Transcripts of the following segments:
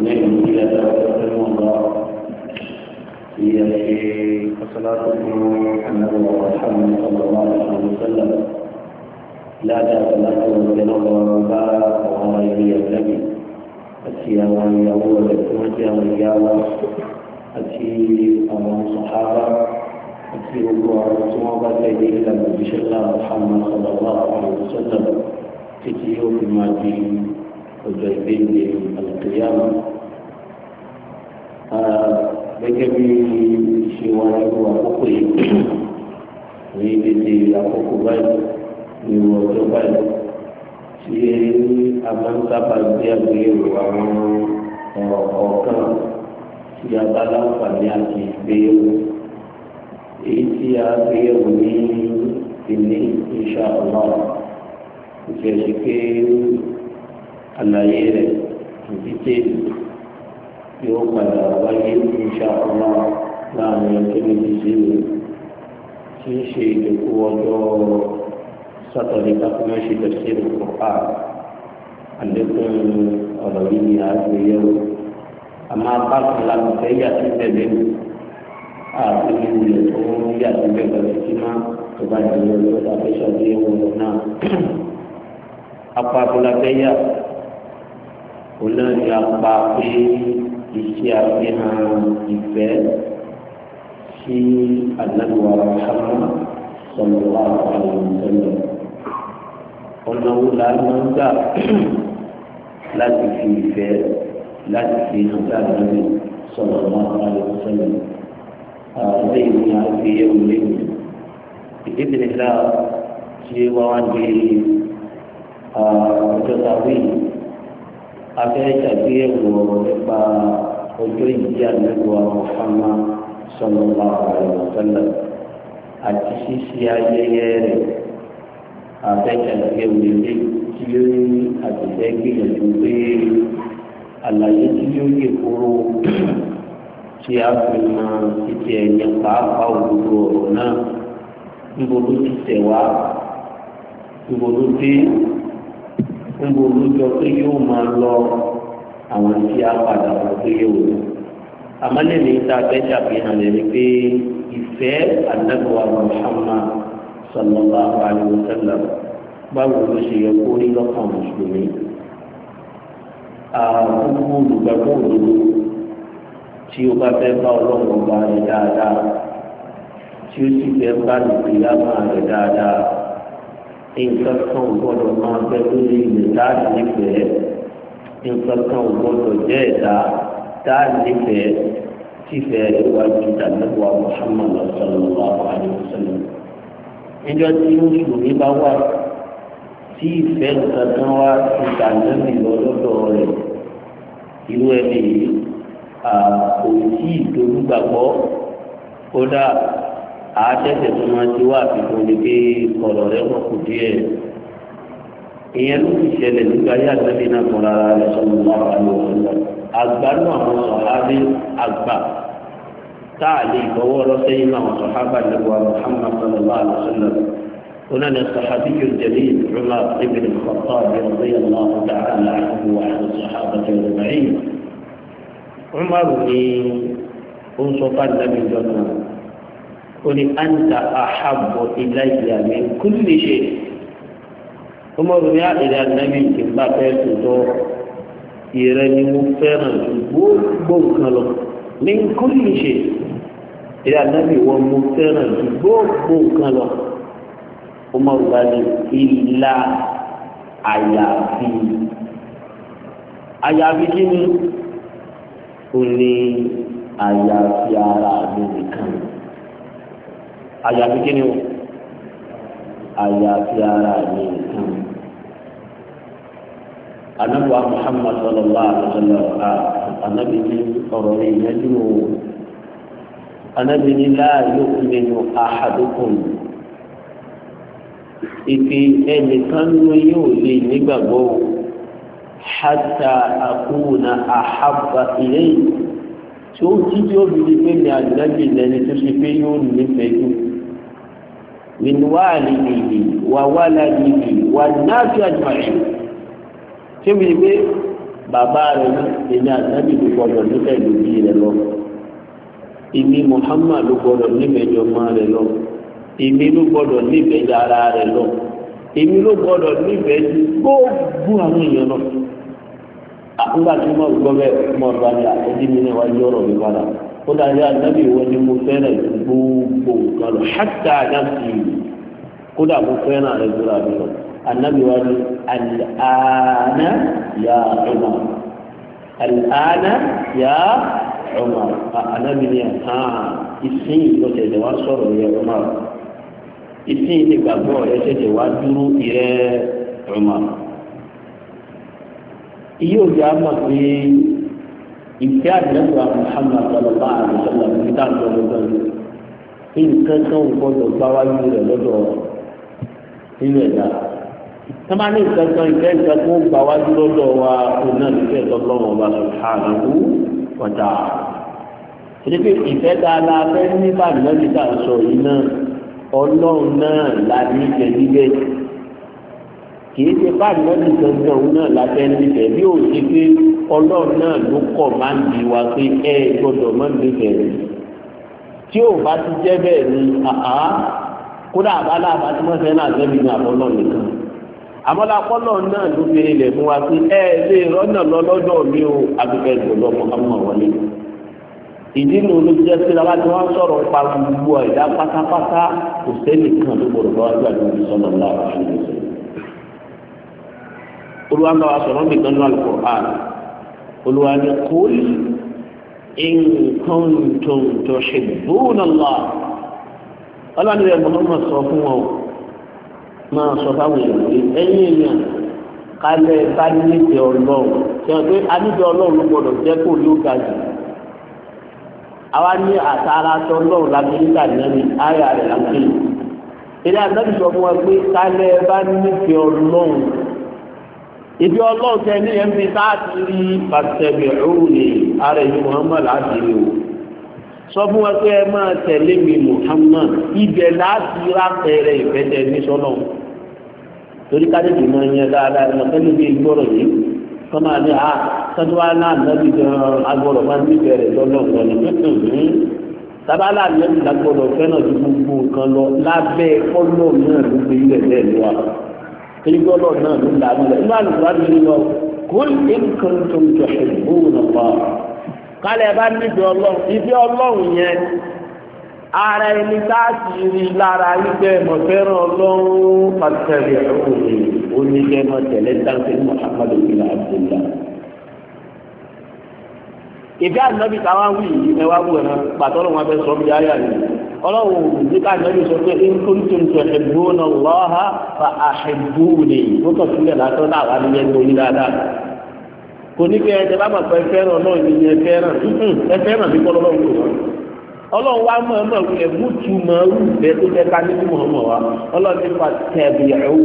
من إلى توكل الله هي صلاتكم محمد صلى الله عليه وسلم لا تأكلكم من الله وبارك وغيره النبي الصيام يقول الحجة والجاوة أتي أمام الصحابة أتي الله وصحابة الذي لم محمد صلى الله عليه وسلم تتيو في مادين وجايبين القيامة gẹ́gẹ́ bí ṣe wà nínú àkókò yìí ní tètè àkókò báyìí ní ìwọ ọjọ́ báyìí tí a máa ń sábà gbé àgbéyẹ̀wò àwọn ọ̀rọ̀ kọ̀ọ̀kan tí a bá láǹfààní àti ìgbéyẹ̀wò èyí tí a gbéyẹ̀wò ní ìní insha Allah ìfẹ̀sìké àlàyé rẹ̀ ìdíje yóò padà wáyé insha Allah láàrin ọjọ́ méjì sí mi tí ń ṣe ìdòkú ọjọ́ sátọ̀dé káfíńmá ṣe tẹ̀sí ìdòkú pa àlékún ọ̀rọ̀ yìí ni àgbéyẹ̀wò àmọ́ apá kan láti fẹ́ yà sí bẹ̀rẹ̀ mi àti ìwúlẹ̀ tó ń yà sí bẹ̀rẹ̀ sí máa tó bá di ọjọ́ àfẹ́sọ̀ sí ìwúlò náà. apá abúlé abẹ́yà òun náà ni apá pé ìṣe àfihàn ìfẹ́ sí àdàlùwà ṣáná sọlọ́wà àlùmọ́sọ́lọ́. ọ̀nà wo la máa ń gbà láti fi ìfẹ́ láti fi hàn sáàdúrà sọlọ́wà àlùmọ́sọ́lọ́. àlẹ́ ìlú ni a fi yẹ wọlé mi. ìdíje nígbà tí wọ́n dé ọjọ́ tàbí abẹ́ ṣàgbéyẹ̀wò ọ̀rọ̀ nípa ọjọ́ ìdí àlẹ́wò àmọ̀fánà sọlọ́lá àlọ́sọ́lá àti ṣíṣe ayẹyẹ rẹ̀ abẹ́ ṣàgbéyẹ̀wò ilé tí ó ní àtẹ̀fẹ́ gbìyànjú pé àlàyé tí ó yẹ kóró tí a fi mọ títí ẹ̀yẹ pàápàá òdodo ọ̀rọ̀ náà níbo ló ti tẹ̀ wá níbo ló dé ń bo olójọ pé yóò máa lọ àwọn tí a padà wọ pé yóò lọ àmọ́ lẹ́nu ìta fẹ́ ṣàfihàn rẹ̀ ni pé ìfẹ́ àdàgbà Muhammad sallallahu alaihi wasallam báwo ló ṣe yẹ kó rí lọ́kàn mùsùlùmí àkókò olùgbàgbọ́ òdodo tí o bá fẹ́ bá ọlọ́run ọba rẹ̀ dáadáa tí o sì fẹ́ bá lùpìlá máa rẹ̀ dáadáa nǹkan kan ò gbọdọ̀ máa bẹ lórí ilẹ̀ táàdì nífẹ̀ẹ́ nǹkan kan ò gbọdọ̀ jẹ́ táàdì nífẹ̀ẹ́ tífẹ̀ẹ́ ìwájú ìdánilẹ́wà Muhammad sallallahu alaihi wasallam. níjọ́ tí mùsùlùmí bá wà tí ìfẹ́ nǹkan kan wá ti dànẹ́mì lọ́dọ̀ rẹ̀ irú ẹni yìí kò tí ì dolúgbàgbọ́ kódà àtẹ̀tẹ̀ tó máa ti wá àfikún ni pé ọ̀rọ̀ rẹ̀ wọ́n kù díẹ̀ ìyẹn ló fi ṣẹlẹ̀ nígbà yá àgbẹ̀bí náà kan rárá rẹ̀ sọ́nù máa wà ní òun lọ àwọn sọ̀hábí àgbà tá a lè fọwọ́ rọ́ṣẹ́ yìí máa wọ̀ sọ̀hábà lẹ́wọ̀ Muhammad sallallahu alaihi wasallam هنا الصحابي الجليل عمر بن الخطاب رضي الله تعالى عنه ó ní anta ahabbu ilayya min kulli shay ọmọdé ní àdìrí ànábì ìgbà fẹ́ tòótọ́ ìrẹ́ ni mo fẹ́ràn ju gbogbo nǹkan lọ min kulli shay ìrẹ́ ànábì wọn mo fẹ́ràn ju gbogbo nǹkan lọ ọmọdé bá ìlà àyàfi àyàfi kí ni ó àyàfi ara mi nìkan àyàfi kí ni o àyàfi ara mi nǹkan anabi wa muhammad sallallahu alaihi wa sallam anabi ni ọ̀rọ̀ rẹ̀ yẹn ni o anabi ni láàyò nínú ahadukum ìpè ẹnìkan ló yóò lè nígbàgbọ́ o hata akuna ahaba ilé tí ó jíjí ó pé ní àdínájì lẹni tó ṣe pé yóò nífẹ̀ẹ́ yóò min walidihi wa waladihi wa nasi ajma'in ṣé mi pé bàbá rẹ ní ẹni àtàbí tó gbọ́dọ̀ nípa ìlú bí rẹ lọ ìmí Muhammad ló gbọ́dọ̀ níbẹjọ má rẹ lọ ìmí ló gbọ́dọ̀ níbẹjọ ara rẹ lọ ìmí ló gbọ́dọ̀ níbẹjọ gbogbo àwọn èèyàn lọ àkúgbà tí mo gbọ́ bẹ́ẹ̀ mo bá ní àtẹjímí níwájú ọ̀rọ̀ mi padà ó náà yá anábì wọn ni mo fẹ́ràn gbogbo nǹkan lọ hàtà anábì kódà mo fẹ́ràn rẹ gbọ́dọ̀ àbí lọ anábì wọn ni àlànà yà ọmọ àlànà yà ọmọ anábì ni àtàn ìsìn ìlọsẹ̀lẹ̀ wá sọ̀rọ̀ yẹ ọmọ ìsìn ìgbàgbọ́ rẹ ṣẹ̀ṣẹ̀ wá dúró ìrẹ́ ọmọ. iye òjò àmọ̀ pé ìfẹ́ àdínẹ́gbà Muhammad sallallahu alaihi wasallam níta gbọdọ̀ gbọdọ̀ ní nǹkan kan gbọdọ̀ gbá wáyé rẹ̀ lọ́dọ̀ nínú ẹ̀dá tọ́mà ní nǹkan kan ìfẹ́ nǹkan kan gbá wáyé lọ́dọ̀ wa òun náà nífẹ̀ẹ́ lọ́lọ́wọ́ wa subhanahu wa ta'ala ìdíkì ìfẹ́ dáadáa fẹ́ nípa àdínẹ́gbà sọ yìí náà ọlọ́run náà kìí ṣe báyìí lọ́dún gbọ̀ngàn òun náà lábẹ́ nífẹ̀ẹ́ bí ó ṣe pé ọlọ́run náà ló kọ̀ máa ń di wa pé ẹ gbọ́dọ̀ máa ń nífẹ̀ẹ́ rẹ̀ tí ò bá ti jẹ́ bẹ́ẹ̀ ni àá kódà àbálá àbátí wọ́n fẹ́ náà sẹ́bi ní àbọ́lọ́ nìkan àbọ́lá àpọ́lọ́ náà ló fèrè lẹ̀ fún wa pé ẹ lè rọ́nà lọ lọ́dọ̀ mi o àbíkẹ́ gbọ́dọ̀ mọ́ wọlé ìdí nu ló jẹ́ pé lọ́wọ́ tí wọ́n sọ̀rọ̀ pa gbogbo ẹ̀dá olúwa bá wa sọ̀rọ̀ mi kan ní al-Qur'an olúwa ní qul in kuntum tuhibbuna Allah ọlọ́run rẹ̀ Muhammad sọ fún wọn máa sọ fáwọn èèyàn pé ẹ̀yìn èèyàn kálẹ̀ bá nídìí ọlọ́run ṣe pé anídìí ọlọ́run ló jẹ́ kó ló ga jù àwa ní àtàrà tó ọlọ́run láti níta nẹ́ni ayé rẹ̀ láti ilé àtàkùn sọ fún wa pé kálẹ̀ bá nídìí ọlọ́run ibi ọlọ́run tẹ ní ẹ̀mí láti rí pàtẹ́bì òní ara ìlú muhammad láti rí o sọ fún wa pé ẹ máa tẹ̀lé mi muhammad ibẹ̀ láti rápẹ̀rẹ̀ ìfẹ́tẹ̀ ní sọ́nà torí kájọ̀dé ah, máa ń yẹn dáadáa ẹ̀ lọ́kẹ́lẹ́ bí gbọ́rọ̀ yìí kọ́má ní a sọ́dúnwá náà nàbí gan agbọ́dọ̀ máa ń níbẹ̀rẹ̀ lọ́nà lọ́nà tabalá nàbí agbọ́dọ̀ fẹ́ràn ju gbogbo nǹkan lọ tẹ́lifíọ́ lọ́ọ̀ náà ló ń dààmú rẹ̀ inú àlùkùrá mi lọ kul in kuntum tuhibbuna Allah kálẹ̀ bá níbi ọlọ́run ibi ọlọ́run yẹn ara ẹni táàtì rí lára wípé mo fẹ́ràn ọlọ́run pàtẹ́rì òní oníṣẹ́ mọ̀ tẹ̀lé dáńtẹ́ Muhammadu bin Abdullah. ìdí ànábì táwa wí ẹ wá wù ẹ pàtọ́lọ́wọ́n abẹ́ bí ayà yìí. ọlọ́run nígbà mẹ́rin sọ pé in kuntum fa ahibbuni ó kàn sílẹ̀ látọ́ náà wà dáadáa kò ní bá mọ̀ pé fẹ́ràn náà ní ẹ fẹ́ràn ẹ fẹ́ràn bí kọ́ lọ́wọ́ ọlọ́run mọ̀ mọ̀ mútu mọ̀ ọ́rù bẹ́ẹ̀ tó ká ní kí mọ̀ mọ̀ ọlọ́run ẹ̀wù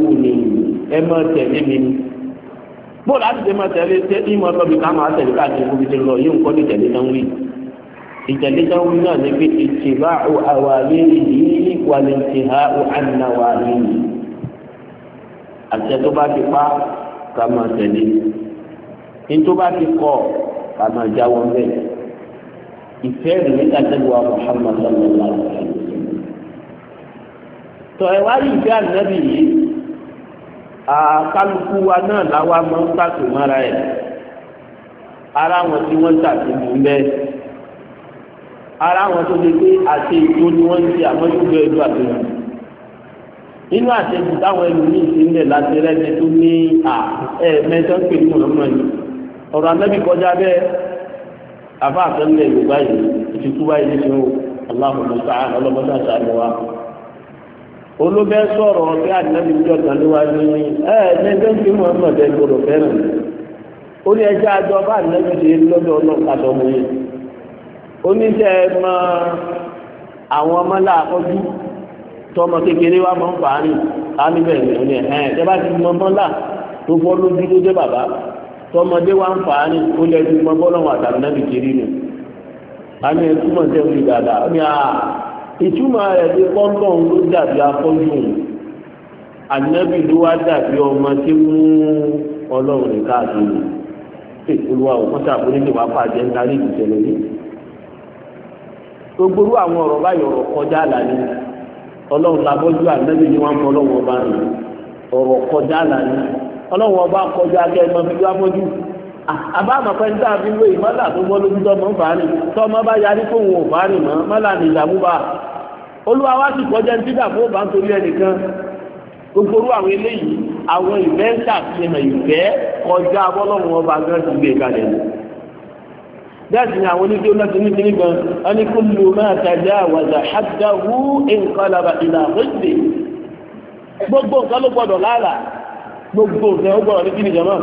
ni ẹ ìtẹ̀lẹ́tà omi náà ní pé ìtìbá àwàlẹ́ yìí wà ní ìtìhá ànáwàlẹ́ yìí àti ẹ̀ tó bá ti pa ká máa tẹ̀lé ní tó bá ti kọ̀ ká máa jáwọ́ bẹ́ẹ̀ ìfẹ́ rẹ̀ nígbà tẹ́lẹ̀ wa wa sallam tọ́ ẹ̀ wá ìfẹ́ ànábì yìí àkálukú wa náà làwa máa ń pàtó mọ́ra ẹ̀ ara wọn tí wọ́n tà sí mi bẹ́ẹ̀. ara àwọn tó ṣe a àti ètò ni wọ́n ń ṣe àwọn ìgbẹ́ ìlú nínú àtẹ̀jù táwọn ẹlòmíín ti ń lẹ̀ láti rẹ́ni tó ní ẹ̀ẹ́mẹ́tọ́ ń pè ní mọ̀nàmọ́ná yìí ọ̀rọ̀ anábì kọjá bẹ́ẹ̀ afa àtẹ̀lẹ̀ ìlú báyìí ìtìkú báyìí ní sáà ọlọ́mọdé olóbẹ́ sọ̀rọ̀ àdínábì ní oníṣẹ́ mọ àwọn ọmọ làkọ́jú tọmọ kékeré wa máa ń fà á rìn á níbẹ̀ ní ọ̀nà ẹ̀ tẹ́ bá ti mọ mọ́là tó bọ́ lójú tó jẹ́ bàbá tọmọdé wa ń fà á rìn ó lẹ́ ti mọ bọ́lọ́wọ́ àtàlù náà nìkiri nù á ní ẹtúmọ̀ tẹ́ orí dáadáa ó ní à ìtumọ̀ rẹ̀ ti pọ́ńpọ̀ ló dàbí afọ́jú òun ànábì ló wá dàbí ọmọ tí mú ọlọ́run ní káàkiri olúwa òkúta àbúrò ní wàá pàjẹ́ ńlá ní ìṣẹ̀lẹ̀ gbogbo irú àwọn ọ̀rọ̀ báyìí ọ̀rọ̀ kọjá àlàyé ọlọ́run labọ́jú ànábì ni wọ́n mọ ọlọ́run ọba rẹ̀ ọ̀rọ̀ kọjá àlàyé ọlọ́run ọba kọjá akẹ́kọ̀ọ́ fi wá mọ́jú àbámu pẹ́ńtà fi wé ìmọ́là tó gbọ́ lójú tọmọ fàárì tọmọ bá yarí fóun ò fàárì mọ́ mọ́là ní ìdààmú bá olúwa wá sì kọjá ní dídàmú ò bá ń ẹnìkan gbogbo irú àwọn eléyìí àwọn ìfẹ́ ń ṣàfihàn ìfẹ́ kọjá abọ́lọ́run ọba gan ti gbé kalẹ̀ bẹ́ẹ̀sì ni àwọn onídé náà ti ní kíní gan an ní kó lu máa tàjá àwàdà ṣáàdá wú nǹkan lába ìlà àpéjì gbogbo nǹkan ló gbọdọ̀ láàlà gbogbo nǹkan ó gbọdọ̀ ní kíní jọmọ́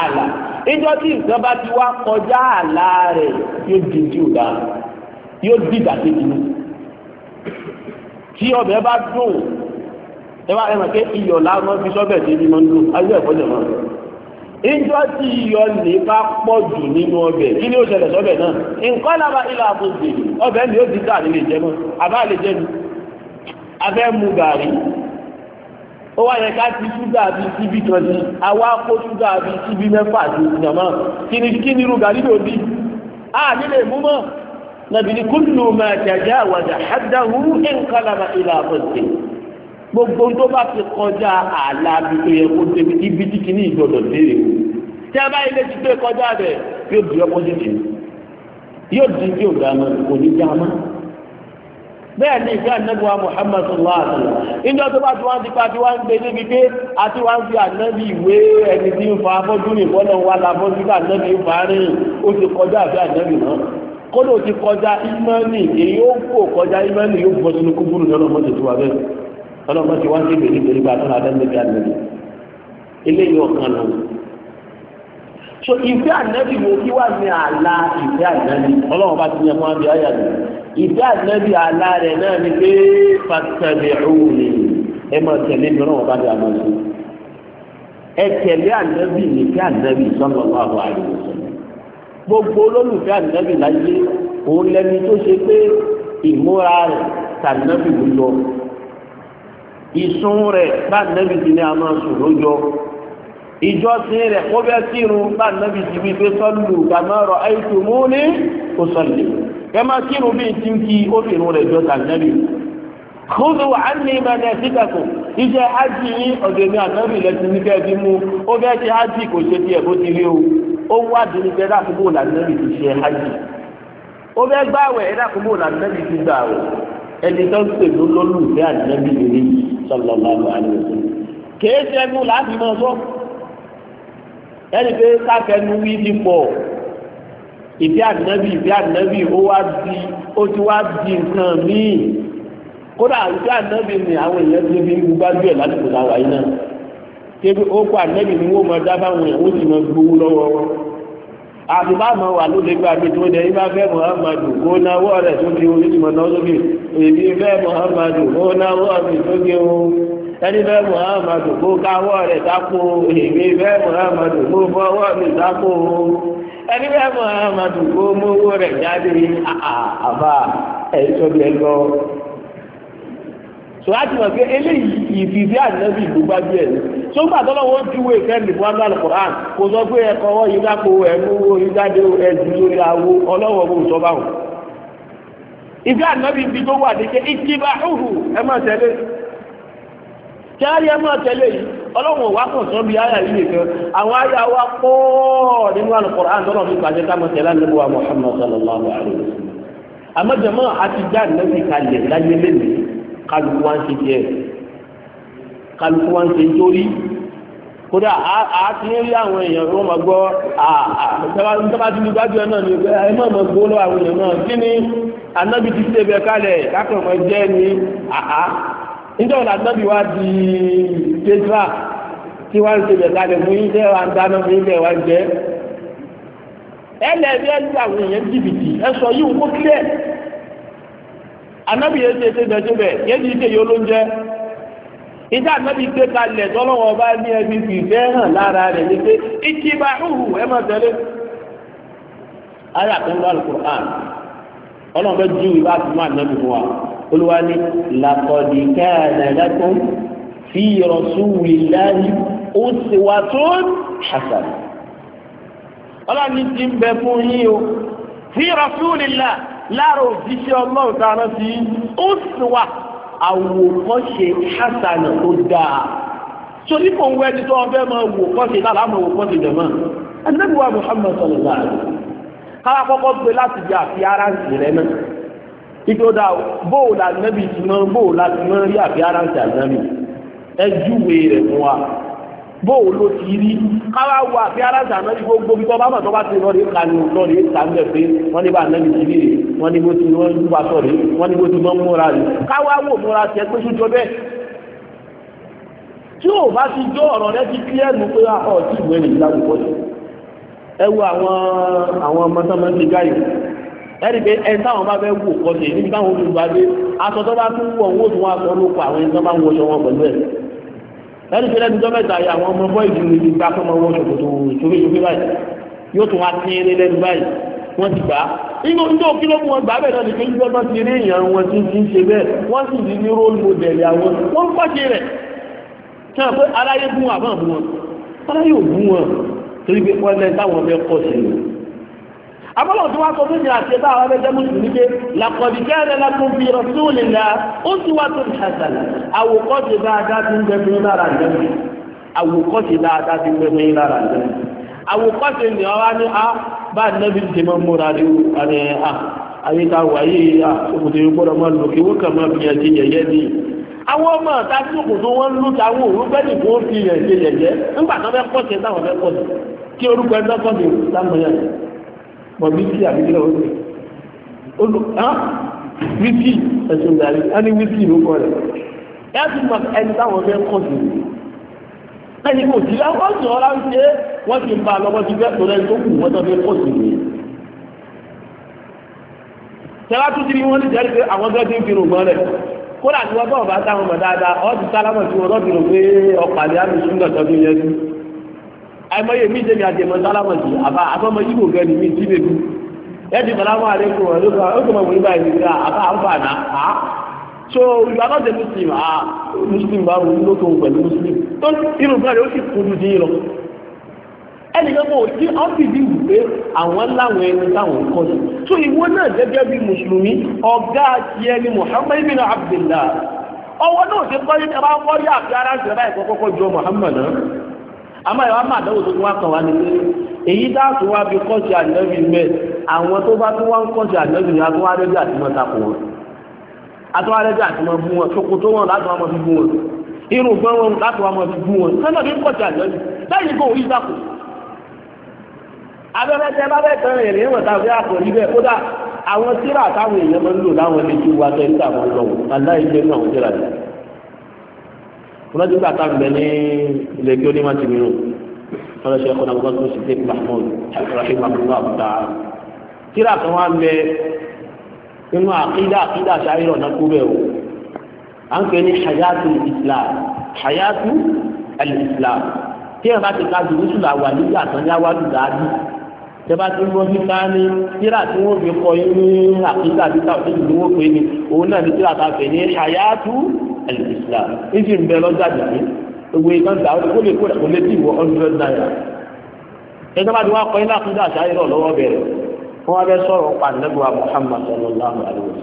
àlà ìjọ tí nǹkan bá ti wá kọjá àlà rẹ̀ yóò di tí ò dáa yóò di ìdàkejì ni tí ọbẹ̀ bá dùn ẹ bá ẹ mọ̀ pé iyọ̀ làwọn fi sọ́bẹ̀ débi máa ń dùn ayé ẹ̀fọ́ jẹ̀ ìjọ tí iyọ̀ ní bá pọ̀ jù nínú ọbẹ̀ kí ni ó ṣẹlẹ̀ sọ́bẹ̀ náà nǹkan lára ilé àbòsè ọbẹ̀ ni ó ti tà nílé jẹ mọ́ àbá lè jẹ mi abẹ́ mu gàrí ó wá yẹ ká ti ṣúgà bí síbí kan sí àwa kó ṣúgà bí síbí mẹ́fà sí ìyàmọ́ kí ni kí ni irú gàrí ló bí a nílé mú mọ́ nàbìlì kúlù máa jàjà àwàdà hàdáhù nǹkan lára ilé àbòsè gbogbo tó bá ti kọjá ààlà àbí tó yẹ kó débi ibi tí kìíní ìgbọdọ̀ léèrè o tí a bá ilé ti gbé kọjá rẹ̀ yóò di ọkọ títì yóò di tí ò dáná kò ní dáná bẹ́ẹ̀ ni ìfẹ́ ànábìwá Muhammad sallallahu alaihi wa sallam ìjọ tó bá ti wá ń tipa tí wá ń gbé níbi pé àti wá ń fi ànábì ìwé ẹni tí ń fa afọ́jú ní ìfọ́nà wa la fọ́jú bá ànábì ń fa rìn ti kọjá àbí ànábì náà kódà ti kọjá ìmánì èyí ó kó kọjá ìmánì yóò bọ́ sínú kúkúrú lọ́nà mọ́tò tó wà bẹ́ẹ̀ ọlọ́run ti wá sí ìbèrè ìbèrè bá tún adẹ́gbẹ̀dẹ́ àgbẹ̀dẹ́ eléyìí ọ̀kan lọ. so ìfẹ́ ànẹ́bí wo kí wà ní àlá ìfẹ́ ànẹ́bí ọlọ́run bá ti yẹ fún abẹ́ ayà rẹ̀ ìfẹ́ ànẹ́bí àlá rẹ̀ náà ni pé pàtàkì òní ẹ máa tẹ̀lé mi ọlọ́run bá ti àmọ́ sí ẹ tẹ̀lé ànẹ́bí nìfẹ́ ànẹ́bí sọ́nà ọlọ́run àdìgbò gbogbo olólùfẹ́ ànẹ́bí láyé òun lẹni tó ṣe pé ìmúra rẹ̀ tànẹ́bí ló yọ ìsun rẹ̀ bá nẹ́bí ti ní a máa sùn lójọ o rẹ̀ kó bẹ́ẹ̀ bá nẹ́bí ti wí pé sọ́lù kàmọ́rọ̀ àìsùn mú ní kò sọ̀lì ẹ máa kírun bí ti ń kí obìnrin rẹ̀ jọ tàbí kóso wà á ní ìmọ̀ ẹ̀ síkàkù iṣẹ́ hajj ní ọ̀dọ̀ mi àtọ́bì lẹ́sìn ní kẹ́ẹ̀bí mú ó bẹ́ẹ̀ ti o ó wá di ní ti ṣe ó ẹni tó ń pè lólólùfẹ́ ànábì lórí sallallahu alaihi wasallam kèé sẹ́gun láti mọ sọ ẹni pé káfẹ́nu wí ti pọ̀ ìfẹ́ ànábì ìfẹ́ ànábì ó wá di ó ti wá di nǹkan míì kódà ìfẹ́ ànábì ni àwọn èèyàn ti fi gbájú ẹ̀ lásìkò làwáyé náà tẹ́bi ó kọ́ ànábì ni wọ́n máa dá báwọn èèyàn ó sì máa gbowó lọ́wọ́ wọn. àbíbá máa wà ló lè gba mi tó dẹ ibà fẹ́ muhammadu o ìtumọ̀ náà sókè èmi fẹ́ muhammadu kó o ẹni fẹ́ muhammadu kó káwọ́ rẹ̀ sápò èmi fẹ́ muhammadu kó fọwọ́ mi sápò ẹni fẹ́ muhammadu kó rẹ̀ jáde àbá ẹ̀ sọláàtì wọn pé eléyìí ìfìfẹ́ ànábì ló gbájú ẹ̀ ní sọgbà tó júwe kò sọ pé ẹ̀kọ́ ọwọ́ yìí dáko ẹ̀mú owó yìí jáde ẹ̀dùn lórí awo ọlọ́wọ́ kò sọ báwọn. ìfẹ́ ànábì bí tó wà ní pé ìtìbà hùhù ẹ máa tẹ̀lé kíárì ẹ máa tẹ̀lé yìí ọlọ́wọ́n wa kàn sọ́bi àyà yìí nìkan àwọn àyà wa pọ̀ nínú alukoran tó lọ́wọ́ fi pàṣẹ káwọn kálukú wá ń ṣe tiẹ̀ kálukú wá ń ṣe nítorí kódà a ti ń rí àwọn èèyàn tó máa gbọ́ àtàbà tí gbájú ẹ náà ni ẹ máa máa gbó lọ àwọn èèyàn náà kí ni anábì ti ṣe bẹ kálẹ̀ lákàmọ́ jẹ́ ni àá níjọ́ ìlànà anábì wá di tẹ́tíra tí wọ́n ṣe bẹ kálẹ̀ fún yín tẹ́ wà ń dáná fún yín tẹ́ wà ń jẹ́ ẹ lẹ́ẹ̀dẹ́ àwọn èèyàn jìbìtì ẹ sọ yìí ń kó kílẹ̀ anabi yẹn ṣe ṣe bẹ̀ṣẹ̀bẹ̀ yẹn ti ṣe yọ ló ń jẹ́ ìdá anabi gbé kalẹ̀ tọ́lọ́wọ́ bá ní ẹbí fi fẹ́ hàn lára rẹ̀ ní pé ìkí bá hùhù ẹ máa tẹ̀lé. ayé àtẹnudọ́ alukur'an ọlọ́run bẹ́ẹ̀ ju ìbá àti mú anabi fún wa olúwa ní làkọ̀dì kana lakum fi rasulillahi uswatun hasanah ọlọ́run ti ń bẹ fún yín o fi rasulillah lára òjíṣẹ́ ọlọ́run tá a rán sí ó sì wà àwòkọ́ṣe hasana tó dáa torí kò ń wẹ́ ẹni tó ọbẹ̀ máa wò kọ́ṣe lára àmọ́ wò kọ́ṣe jẹ̀ mọ́ anábìwá Muhammad sallallahu alaihi wasallam kára kọ́kọ́ gbé láti jẹ àfi ara ń sì rẹ náà ìgbódà bóòlù ànábì ti mọ bóòlù àti mọ rí àfi ara ń sì ànábì ẹ júwèé rẹ̀ fún wa bóò ló ti rí káwá wo àbí aráàlú ànábi gbogbo bí wọ́n bá mọ̀ tó bá ti lọ́ọ̀rì kanu lọ́ọ̀rì kanu ẹ̀ pé wọ́n ní bá ànábi ti rí rè wọ́n ní bó ti wọ́n ń wá sọ̀rì wọ́n ní bó ti wọ́n múra rè káwá wò múra tiẹ̀ pé sójú ọbẹ̀ tí o bá ti jó ọ̀rọ̀ rẹ ti kí ẹnu pé ah, ọ̀ tí ìwé rè láwùjọ yìí ẹ wo àwọn àwọn ọmọ tó máa ń ti gáyìí ẹni pé ẹni táwọn bá fẹ́ wò kọ́ sí níbi táwọn olùgbàdé aṣọ tó bá tún wọ̀ ń wò tún wá sọ lóko àwọn ẹni tó bá ń wọṣọ wọn pẹ̀lú ẹ̀ ẹni tó lẹ́nu dọ́mẹ́ta yà àwọn ọmọ bọ́ọ̀lù ìlú ìlú gbá fọmọ owó ṣòkòtò ìṣòwé ìṣòwé báyìí yóò tún wá sí eré lẹ́nu báyìí wọ́n ti gbà á inú ndó kí wọn gbà á bẹ̀ náà ní pé nígbà ti rí èèyàn wọn tí ń ṣe bẹ́ẹ̀ wọ́n sì ní ní role model àwọn wọ́n ń pàṣẹ rẹ̀ kí pé aráyé bú wọn àbọ̀ bú wọn aráyé ò bú wọn torí pé wọ́n lẹ́ abọ́lọ̀ tó wá sọ fún mi àti ẹ̀dá àwọn ẹgbẹ́ mùsùlùmí pé làkọ̀dì kẹ́rẹ́ lakum fi rasulillah ó sì wá tó ṣàṣàlà àwòkọ́ṣe dáadáa ti ń bẹ fún lára ìjẹun àwòkọ́ṣe dáadáa ti ń bẹ fún lára ìjẹun àwòkọ́ṣe ni ọ̀rá ní a ah, bá nẹ́bí ti mọ́ múra rí ọ̀rẹ́ a àyíká wáyé a òkùnkùn ìgbọ́dọ̀ máa lò kí wọ́n kà máa gbìyànjú yẹ̀yẹ́ ni àwọn ọmọ ọ̀tá tí òkùnkùn wọn lù táwọn òrùgbẹ́ nìkan ó fi yẹ̀yẹ́ nígbà tó fẹ́ pọ̀ sí táwọn fẹ́ pọ̀ sí kí orúkọ ẹgbẹ́ pọ̀ sí táwọn yẹn mọ̀ wíìkì àbíkílẹ̀ ó sì olù á wíìkì ẹ̀sùn ìdàrí á ní wíìkì ló kọ́ rẹ̀ ẹ̀ á ti mọ ẹni táwọn fẹ́ kọ́ sí ẹni kò sí láwọn sọ ọ́ láwọn ṣe wọ́n ti ba lọ́wọ́ ti fẹ́ tọ́lẹ́ tó kù wọ́n tó fẹ́ kọ́ sí mi. tẹ́lá tún ti ní wọ́n ti jẹ́rìí pé àwọn tó ti ń fi rògbọ́n rẹ̀ kódà tí wọ́n bá ọ̀bá táwọn mọ̀ dáadáa ọ́ ti sálámọ̀ tí wọ́n rọ́ọ̀dì rò pé ọ̀pàdé àmì àìmọye mi jẹ́mi àjẹmọ́ sálámà sí àbá àbámọ́ yíwò gẹ́ ni mi ti lè lu ẹ̀dì sálámà rẹ̀ kò wọ́n lóko ó kọ́mọ̀ wọ́n báyìí nígbà àbá àbá àná á so you are not a muslim ah muslim bá wọn lóko pẹ̀lú muslim tó irun bá rẹ̀ ó sì kúrú dín in lọ ẹnìkan kò tí wọ́n fi bí wù pé àwọn láwọn ẹni táwọn kọ́ sí so ìwọ náà gẹ́gẹ́ bí mùsùlùmí ọ̀gá tiẹ̀ ni Muhammad bin Abdullah ọwọ́ náà ti kọ́ ní ẹ bá kọ́ yá àfi ara ń sẹ́ra ẹ̀kọ́ Muhammad àmọ́ ìwà máa dánwò tó wá kàn wá ní pé èyí dáàtò wá bí kọ́ọ̀tì ànábì mẹ́ àwọn tó bá tún wá ń kọ́ọ̀tì ànábì ní atúwá rẹ́jọ́ àti mọ́ takò wọn atúwá rẹ́jọ́ àti mọ́ bú wọn ṣòkòtò wọn láti wọn mọ́ fi bú wọn irun gbọ́n wọn láti wọn mọ́ fi bú wọn sọ́nà bí kọ́ọ̀tì ànábì lẹ́yìn kò rí takò abẹ́rẹ́ tẹ bá èèyàn máa ń kúlọ́dún gbàtà mbẹ ní ilé kí ó ní máa ti mìíràn lọ́dọ̀ ṣe ẹ̀kọ́ náà gbọ́dọ̀ tó ṣe dé mahmoud rahim abdullah abdullah tíra kan wá mbẹ nínú àkídà àkídà ṣáírọ̀ náà kú bẹ́ẹ̀ o à ń pè ní hayatu islam hayatu al islam tí ẹ̀ ti ká jùlọ sùlà wà nígbà tán ní awádùn dáadé tẹ́bá tí wọ́n fi ká ní tíra tí wọ́n fi kọ́ ní àkíkà tí tàbí tí wọ́n pè ní òun náà ní tíra ta fẹ̀ ní hayatu al-islam ní ti ń bẹ lọ́jà dìbò owó iná ń ta ó lè kó kò lè ti wọ hundred naira ẹgbẹ́ bá ti wá kọ́ ní àkíkà àṣàyè náà lọ́wọ́ bẹ̀rẹ̀ wọ́n wá bẹ́ sọ̀rọ̀ pa muhammad sallallahu alayhi wa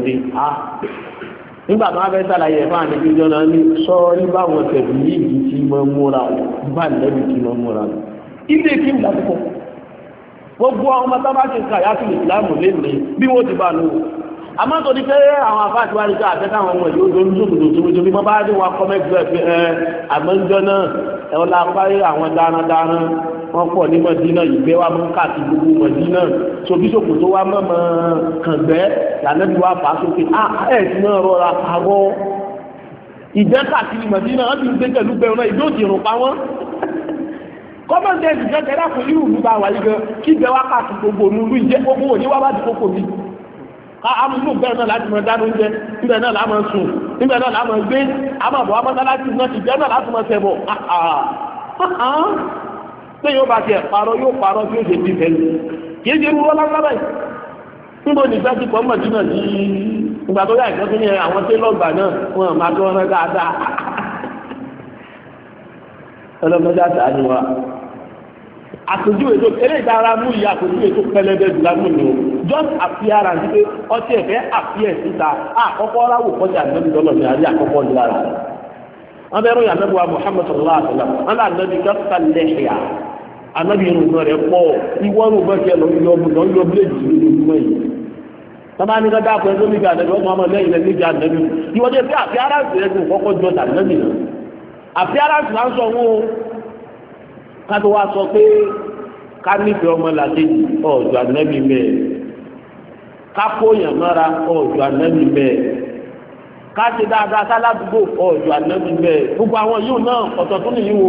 sallam nígbà tó wá fẹ́ sàlàyé ẹ̀ fáwọn àdébí jọ náà ní sọ́ọ́rí báwọn tẹ̀lé yìí ti mọ múra o bá lẹ́bi ti mọ múra o ilé kí n dàbí kọ gbogbo àwọn ọmọ sábà ti ń ka àyàfi ìsìlámù lẹ́nu bí wọ́n ti bá lò àmọ́ tó ní pé àwọn afá àti wáyé ká àtẹ́ká àwọn ọmọ yìí ó dó lóṣù tó tó bí wọ́n bá dé wọn kọ́ mẹ́gbẹ́ wọ́n pọ̀ ní mọ̀dínà ìgbẹ́ wa mú káàkiri gbogbo mọ̀dínà sobíṣòkò tó wá mọ̀mọ́ kàngbẹ́ lànàbí wa fà á sókè ah, ẹ̀ ti náà rọra parọ́ ìjẹ́ káàkiri mọ̀dínà wọ́n ti ń gbé pẹ̀lú bẹ́ẹ̀ náà ìdó òdìrún pa wọ́n kọ́mọ̀tì ẹ̀sìn jẹ́ tẹ́lá fún irú ìlú bá wà yìí gan kí ìgbẹ́ wa káàkiri gbogbo nínú ìjẹ́ gbogbo òní wá bá ti kókò mi amúlò bẹ́ẹ̀ náà láti máa dáná oúnjẹ níbẹ̀ náà láti máa sùn níbẹ̀ náà láti máa gbé àmàbọ̀ amọ́tálásì náà ìjẹ́ náà láti máa sẹ̀bọ̀ ah, ah pé yóò bá tiẹ̀ parọ́ yóò parọ́ tí ó ṣe bí fẹ́ẹ́ kì í ṣe irú rọ́lá sábà yìí níbo ní ìgbà tí kò mọ̀ jìnnà sí ìgbà tó yà ìgbà tó yẹ àwọn tí lọ́gbà náà wọn à máa tó ọ̀rọ̀ dáadáa ọlọ́mọdé àtàlù wa àpèjúwe tó eléyìí tá ara mú yìí àpèjúwe tó pẹlẹbẹ jù lámú ni o just appearance pé ọtí ẹ̀fẹ́ appear síta àkọ́kọ́ ráwò kọjá àgbẹ̀bí dọ́lọ̀ ní àrí àkọ́kọ́ ní lára wọn bẹ̀rù yà mẹ́bùwá Muhammad sallallahu alaihi wa sallam wọn bá àgbẹ̀bí kẹfà lẹ́hìá anábì irùngbọ̀n rẹ̀ pọ̀ ìwọ irùngbọ̀n tiẹ̀ lọ yọ lọ yọ bíléèdì lójoojúmọ́ yìí sábà ní ká dáàbò ẹgbẹ́ méjì àdẹ́bí ọmọ ọmọ lẹ́yìn lẹ́yìn méjì àdẹ́bí ìwọ jẹ́ pé àfi aráàlú rẹ̀ kò kọ́kọ́ jọ tàbí náà àfi aráàlú là ń sọ wọn o ká tó wá sọ pé ká nífẹ̀ẹ́ ọmọ làkejì ọ̀jọ̀ àdẹ́bí bẹ́ẹ̀ ká kóyàn mọ́ra ọ̀jọ̀ àdẹ́bí bẹ́ẹ̀ ká ṣe dáadáa sáládùúgbò ọ̀jọ̀ àdẹ́bí bẹ́ẹ̀ gbogbo àwọn yóò náà ọ̀tọ̀ tó nìyí wo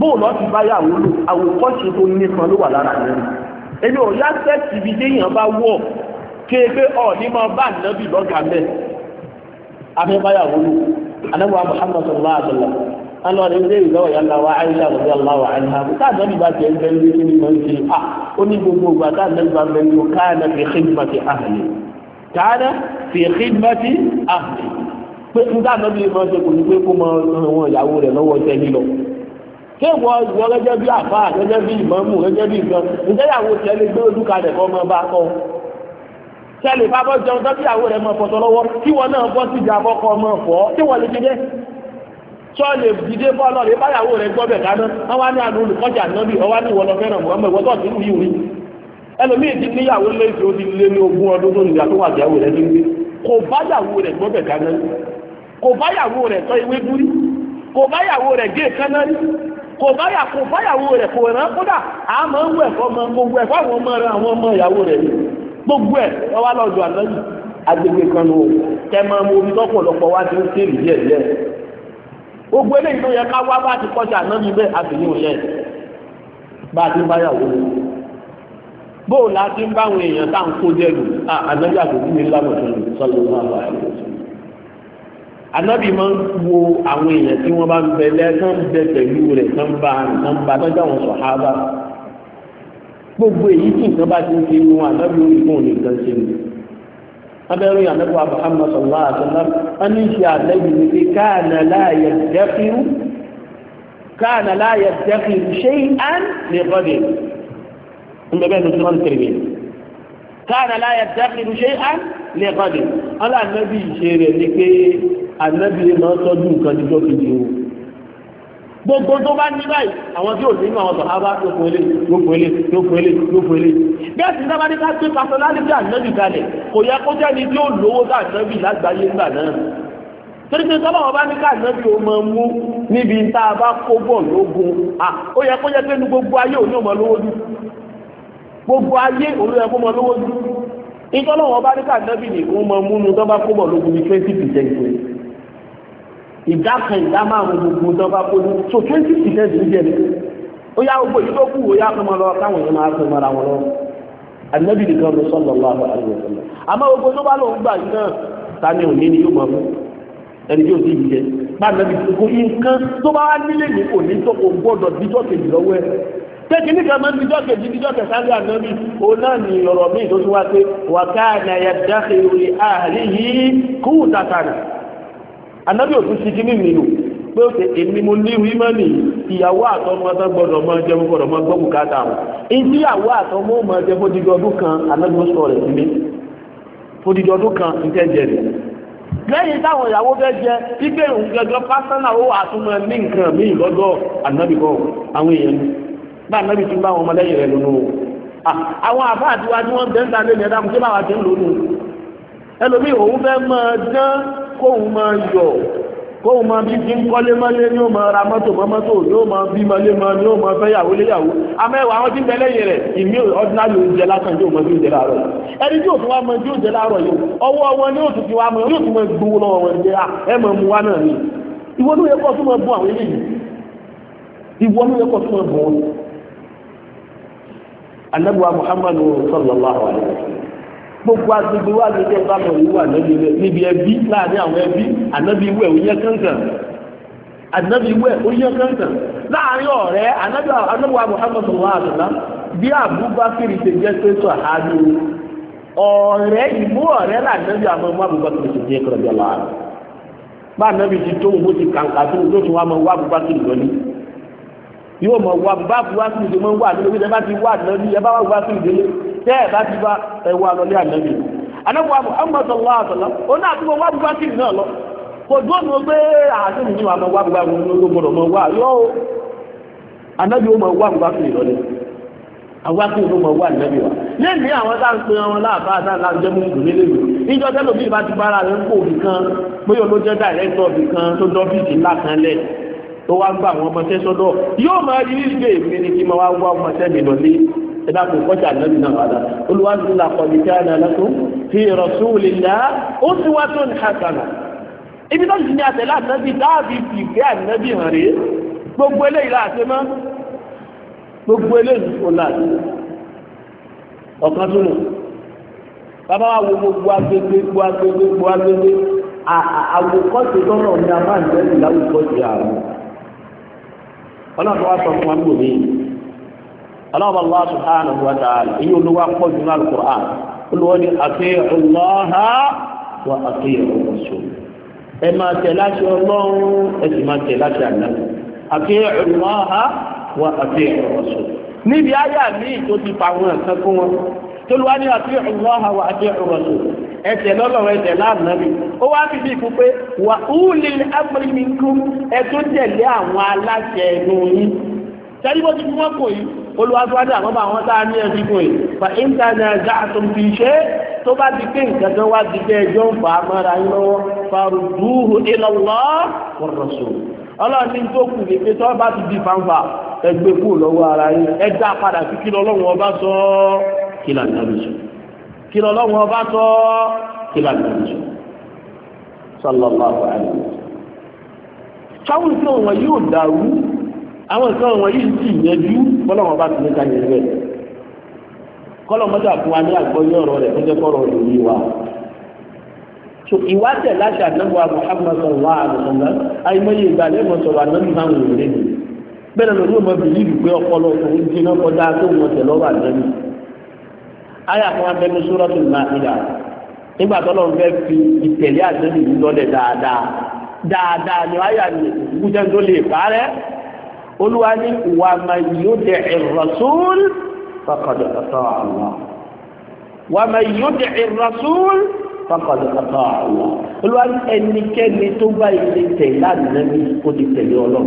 bóòlù ọtí báyàwó lò àwòkọ́ṣe tó nípọn ló wà lára rẹ̀ èmi ò yá sẹ́ẹ̀tì ibi déèyàn bá wọ̀ kéèké ọ̀ọ́ni máa bá nàbì lọ́gàá mẹ́ afẹ́ báyàwó lò anáwó Muhammad sallallahu alaihi wasallam alọ́ọ̀rẹ́ ilé ìlọ́wọ̀ yà lọ́wọ́ àìsà rẹ̀ aláwọ̀ àìsà rẹ̀ táà nàbì bá tẹ̀ ń bẹ́ ní kíni máa ń ṣe à ó ní gbogbo ìgbà táà nàbì bá bẹ́ ní o káàna fi khidmati ahli káàna fi khidmati ahli pé nígbà nàbì bá tẹ̀ kò ní pé kó máa ràn wọn ìyàwó rẹ̀ lọ́wọ́ tẹ̀ nílọ kéwọ ìwọ gẹ́gẹ́ bí àfa gẹ́gẹ́ bí ìmọ̀mù gẹ́gẹ́ bí nǹkan ǹjẹ́ ìyàwó tiẹ̀ lè gbé ojú kalẹ̀ kọ́ ọmọ bá kọ́ tẹ́lẹ̀ bá bọ́ jẹun tó kíyàwó rẹ̀ mọ̀ fọ̀tọ̀ lọ́wọ́ kí wọn náà bọ́ sí ìjà àkọ́kọ́ ọmọ fọ́ kí wọ́n lè tọ́ lè báyàwó rẹ̀ gbọ́ bẹ̀ wọ́n kò báyàwó rẹ̀ tọ́ kò báyà kò báyàwó rẹ̀ kò rán kódà àmọ́ ń wẹ̀ fọmọ gbogbo ẹ̀ fáwọn ọmọ rẹ̀ àwọn ọmọ ìyàwó rẹ̀ gbogbo ẹ̀ ọwá lọ́dọ̀ àlọ́yìn agbègbè kan kẹ máa mú omi lọ́pọ̀lọpọ̀ wá sí ṣé ìdí ẹ̀ gbogbo eléyìí yẹ ká wá bá ti kọjá bẹ́ẹ̀ bá a ti báyàwó rẹ̀ bóòlù ń báwọn èèyàn táwọn kó jẹ́ anabi máa ń wo àwọn èèyàn tí wọ́n bá ń bẹ lẹ́ẹ̀kan bẹ pẹ̀lú rẹ̀ kan bá kan bá tọ́jú àwọn sọ̀hábà gbogbo èyí tí nǹkan bá ti ń ṣe wọn anabi ó ìfún nìkan ṣe ni abẹ́rẹ́ yìí anabi Muhammad sallallahu alaihi wasallam wọ́n ní ṣe àlẹ́yìn ni pé káàna láàyè dẹ́kìrú káàna láàyè dẹ́kìrú ṣé án lè bọ́dẹ̀ ń bẹ́ẹ̀ bẹ́ẹ̀ ló ti rán tẹ̀lé láàyè dẹ́kìrú ṣé án lè bọ́dẹ̀ ànábì lè máa tọ́jú nǹkan jíjọ́ kejì o gbogbo tó bá ní báyìí àwọn tí ò ní inú àwọn sọ̀hábà yóò fún ilé yóò fún ilé yóò fún ilé yóò fún ilé bẹ́ẹ̀ sì sábà ní ká gbé pásọ̀lálítì ànábì kalẹ̀ kò yẹ kó jẹ́ni tí ó lówó ká ànábì lágbàáyé ńgbà náà torí pé sọ́bà wọn bá ní ká ànábì ó máa mú níbi tá a bá kó bọ̀ lógun à ó yẹ kó jẹ́ pé ní gbogbo ayé òun yóò mọ lówó dùn gbogbo ayé òun yóò mọ lówó dùn ìtọ́lọ́wọ́n bá ní ká ànábì nìkan máa mú nu tó bá kó bọ̀ lógun ní twenty percent ìdá kan ìdá márùn gbogbo tó bá kó ní so twenty percent ń jẹ ní ó yá gbogbo yìí tó kù ó yá fún ọ lọ káwọn yìí máa fún ara wọn lọ ànábì nìkan ló sọ lọ́wọ́ àwọn àlùfẹ́ lọ àmọ́ gbogbo tó bá lọ gbà yìí náà tani òní ni yóò máa fún ẹni tí ó ti yìí jẹ bá ànábì kò yí nǹkan tó bá nílé ní òní tó kò gbọ́dọ̀ díjọ́ kejì lọ́wọ́ ẹ tẹ́kínì kan máa ń kejì díjọ́ kẹsàn-án ànábì òun náà ní ọ̀rọ̀ míì tó anábì òtún ti kíní mi lò pé ó ṣe èmi mo ní wímọ́nì ìyàwó àtọmọ ọtán gbọdọ̀ máa jẹ fún gbọdọ̀ máa gbọ́ bùkátà wọn ìdí ìyàwó àtọmọ ó máa jẹ fún dídí ọdún kan anábì ó sọ rẹ̀ sílé fún dídí ọdún kan nítẹ́ jẹ rẹ̀ lẹ́yìn táwọn ìyàwó fẹ́ jẹ pípé òun gẹ́gẹ́ pásánà ó àtúmọ̀ ní nǹkan míì lọ́dọ̀ anábì kọ́ àwọn èèyàn bá anábì tún bá àwọn ọmọlẹ́yìn rẹ̀ lónú àwọn àbá àtiwájú wọn bẹ́ẹ̀ ń ta lé ní ẹ̀dá kóhun máa yọ̀ kóhun máa bí bí ń kọ́lé mọ́lé ní ó máa ra mọ́tò mọ́ mọ́tò ní ó máa bí mọ́lé mọ́ ní ó máa fẹ́ yàwó léyàwó amẹ́wà àwọn tí ń bẹ lẹ́yìn rẹ̀ ìmí lásán tí ó mọ ó jẹ láàárọ̀ ẹni tí wá mọ ó jẹ láàárọ̀ yìí ọwọ́ ni ti wá mọ yóò tún mọ gbowó lọ́wọ́ wọn jẹ ẹ mọ mu wá náà ni ìwọ ló yẹ kó tún mọ bọ àwọn eléyìí ìwọ ló yẹ kó tún mọ gbogbo agbègbè wa lè jẹ́ ìbámu yìí wà níbi ẹbí láàrin àwọn ẹbí ànábi wẹ̀ ó yẹ kankan ànábi wẹ̀ ó kankan láàrin ọ̀rẹ́ ànábi anáwó muhammadu wa àdùnnà bí abubakar ṣe jẹ́ pẹ́tọ́ àádọ́ ọ̀rẹ́ ìmú ọ̀rẹ́ lànábi àwọn ọmọ abubakar ṣe jẹ́ kọ́ra bí ọlọ́run bá ànábi ti tó òun bó ti kàǹkà tó òun tó tún wà wà abubakar lọ́ní yóò mọ̀ wá bá bu wá sí ìdè mọ́ wá nílé ẹ bá ti wá ànábì ẹ bá wá wá sí ìdè lé tẹ́ ẹ bá ti bá ẹ wá lọ lé ànábì. ànábì wa Muhammad sallallahu alaihi wasallam òun náà tún mọ wá bu wá sí ìdè náà lọ kò dúró ní o pé àti mi ní wa mọ wá bu wá bu ló gbọdọ̀ mọ wá yọ o ànábì ó mọ wá bu wá sí ìdè lọ àwọn akéwì ló mọ wá ànábì wa lẹ́yìn àwọn tá à ń pe wọn láàbá àti àlàjẹ́ mú ìdùnnú lẹ́yìn ìjọ tẹ́lẹ̀ bí ìbá ti bára rẹ̀ ń kó òbí kan pé olójẹ́ dàrẹ́tọ̀ òbí kan tó dọ́bìtì ńlá kan lẹ́yìn tó wá gba àwọn ọmọọṣẹ́ sọ́dọ̀ yóò máa yí ilé mi ni kí n máa wá wá ọmọọṣẹ́ mi lọlé ẹ̀dá kò kọjá lẹ́nu náà wàdà olùwàdí ńlá kọ́ni kí á nà lẹ́kọ́ fi rasulillah ó sì wá tó ní hasana ibi tó ti ní àtẹ̀lé ànábì dáàbì fi ìgbé ànábì hàn rèé gbogbo eléyìí láti mọ́ gbogbo eléyìí kò láti ọ̀kan tó nù bàbá wa wo gbogbo agbègbè gbogbo agbègbè gbogbo agbègbè àwòkọ́sí tọ́nà ní a máa ń bẹ́ẹ̀ láwùjọ ti àrùn ọlọ́run wá sọ fún wa ní òní ọlọ́run Allah subhanahu wa ta'ala èyí olówó pọ̀ jù náà Qur'an olówó ni ati'u Allaha wa ati'u Rasul ẹ máa tẹ̀ láti ọlọ́run ẹ sì máa tẹ̀ láti àná ati'u Allaha wa ati'u Rasul níbi ayé àmì tó ti pa àwọn ẹ̀sán fún wọn tolúwa ní àti ọlọ́ha wà àti ọ̀rọ̀lù ẹsẹ̀ lọ́lọ́rọ̀ ẹsẹ̀ láàmúnábì ó wá fi bí ikú pé wà úlì amúlímìkú ẹ tó tẹ̀lé àwọn aláṣẹ ẹnu yín sẹ́ni bó ti fi wọ́n kò yìí olùwàsíwájú àwọn bá wọn sáà ní ẹbí kò yìí fa íńtánẹ̀tì àtúntì tó bá di pé nǹkan tó wá di pé ẹjọ́ ń fà á mọ́ra yín lọ́wọ́ farudúhu ila Allah wa rasul ọlọ́run ní tó kù lè pé tó bá ti di fanfa ẹgbẹ́ kù lọ́wọ́ ara yín ẹ dá padà sí ọba sọ kí là ń dábì sọ kí lọ lọ́wọ́ ọba tọ́ kí là ń dábì sọ sallallahu alaihi wasallam. sáwọn ìfẹ́ wọn yóò dàrú àwọn ìfẹ́ wọn yìí sì yẹjú bọ́lọ́wọ́ bá ti ní ká yẹn rẹ̀ kọ́lọ́mọ́tà fún wa ní àgbọ́yé ọ̀rọ̀ rẹ̀ tó jẹ́ kọ́rọ̀ rẹ̀ yìí wa so ìwádìí láti àdánwò Muhammad sallallahu alaihi wasallam àìmọye ìgbàlẹ̀ mọ̀ sọ̀rọ̀ ànábì wò lé mi bẹ́ẹ̀ lọ́dún ọmọ bìlíìfù pé ọpọlọ òun jiná kọjá tó wọn tẹ̀ lọ́wọ́ àyà kan abẹ́ ní Suratul Maida nígbà tó lọ́n fẹ́ fi ìtẹ̀lé àtẹ́lẹ̀ yìí lọ́lẹ̀ dáadáa dáadáa ni àyà ni kúkújẹ́ tó lè parẹ́ olúwa ní wa man yuti'ir rasul faqad ata'a Allah wa man yuti'ir rasul faqad ata'a Allah olúwa ní ẹnikẹ́ni tó bá ilé tẹ̀lé ànábì ó ti tẹ̀lé ọlọ́run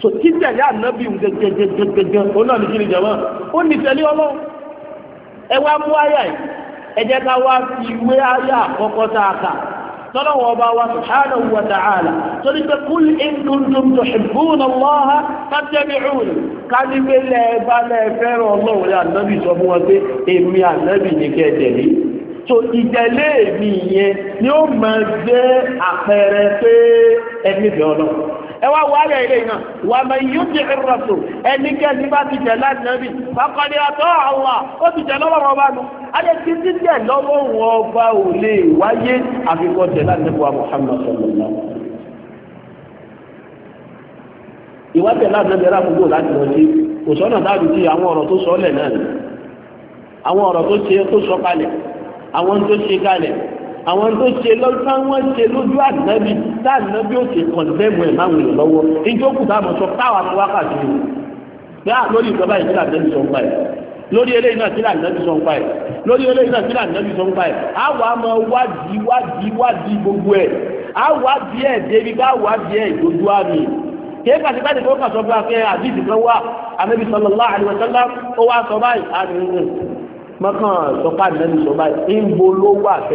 so títẹ̀lé ànábì gẹ́gẹ́gẹ́gẹ́gẹ́ ó ní kí ni jẹ́ ó ní tẹ̀lé ọlọ́run ẹ wá mú àyà yìí ẹ jẹ́ ká wá fi wé àyà àkọ́kọ́ tá a kà tọ́lọ́wọ́ ọba wa subhanahu wa ta'ala torí pé kúlì in kuntum tuhibbuna Allaha fattabi'un kálíwé lẹ́ẹ̀bá lẹ́ẹ̀fẹ́ràn ọlọ́run ní ànábì sọ fún wọn pé èmi ànábì ní kẹ́ tẹ̀lé tó ìtẹ̀lé mi yẹn ni ó máa jẹ́ àpẹẹrẹ pé ẹni bẹ̀ ọlọ́run ẹ wá wà lẹ̀ ilé iná wà mà yóò ti ìrọ̀sùn ẹnikẹ́ni bá ti jẹ̀ láti nàbì fàkọ́ni àtọ́ àwọn ó ti jẹ̀ lọ́wọ́ ọba nù ayé ti ti jẹ̀ lọ́wọ́ wọn ọba ò lè wáyé àfikọ́ jẹ̀ láti nàbì wa Muhammad ìwádìí láti nàbì ẹ̀rọ àkókò láti wọ́n sí kò sọ́nà dáàbì àwọn ọ̀rọ̀ tó sọ ọ́ lẹ̀ náà àwọn ọ̀rọ̀ tó sọ kalẹ̀ àwọn tó ṣe kalẹ̀ àwọn tó ṣe lọ́jọ́ àwọn ṣe lójú ànábì tá ànábì ó ṣe kọ̀ǹdẹ́mù ẹ̀ máa wòye lọ́wọ́ ìjókòó táwọn sọ táwọn àti wákàtí rẹ̀ gbá lórí ìjọba ìjọba ànábì sọ ń pa ẹ̀ lórí eléyìí náà sílẹ̀ ànábì sọ ń pa ẹ̀ lórí eléyìí náà sílẹ̀ ànábì sọ ń pa ẹ̀ àwọn àmọ́ wádìí wádìí wádìí gbogbo ẹ̀ àwádìí ẹ̀ débi bá wádìí ẹ̀ ìdójú àmì kéèkà ti báyìí kó kà sọ fún akẹ́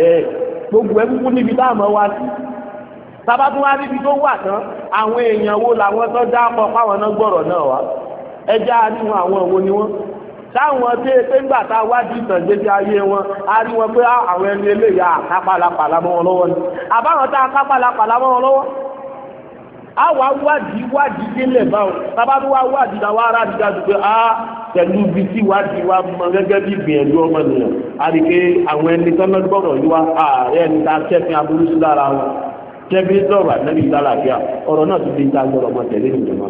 àdìsí gbogbo ẹ kúkú níbi táàmù wá sí sábà tó wá níbi tó wà tán àwọn èèyàn wo làwọn tó dá pọ̀ fáwọn náà gbọ́rọ̀ náà wá ẹja àríwọn àwọn wo ni wọn sáwọn tó ṣe ńgbà tá a wájú ìtàn gbèsè ayé wọn a rí wọn pé ah, àwọn ẹni eléyà kápálapàla mọ́ wọn lọ́wọ́ ni àbáwọn tá a kápálapàla mọ́ wọn lọ́wọ́ a wà wádìí wádìí délẹ̀ báwọn tábà tó wá wádìí la wá ara dìda dùn pé a ah, pẹ̀lú bí tí wádìí wa mọ gẹ́gẹ́ bí gbìyànjú ọmọ nìyẹn àdìgbé àwọn ẹni tó lọ gbọ́dọ̀ yí wa ah, ààrẹ ẹni tá a kẹ́fin aburú sí lára wọn kẹ́bí lọ́rọ̀ àtẹ́bí lálàáfíà ọ̀rọ̀ náà ti di ń ta gbọ́dọ̀ mọ tẹ̀lé nìjọba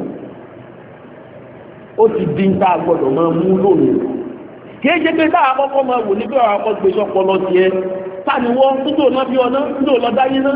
ó ti di ń gbọ́dọ̀ mọ mú lónìí kí é ṣe pé táà kọ́kọ́ máa wò ní bí ọ̀rọ̀ akọ́gbèsọ́pọ̀ lọ tiẹ̀ táà ni wọ́n ń tó lọ ọ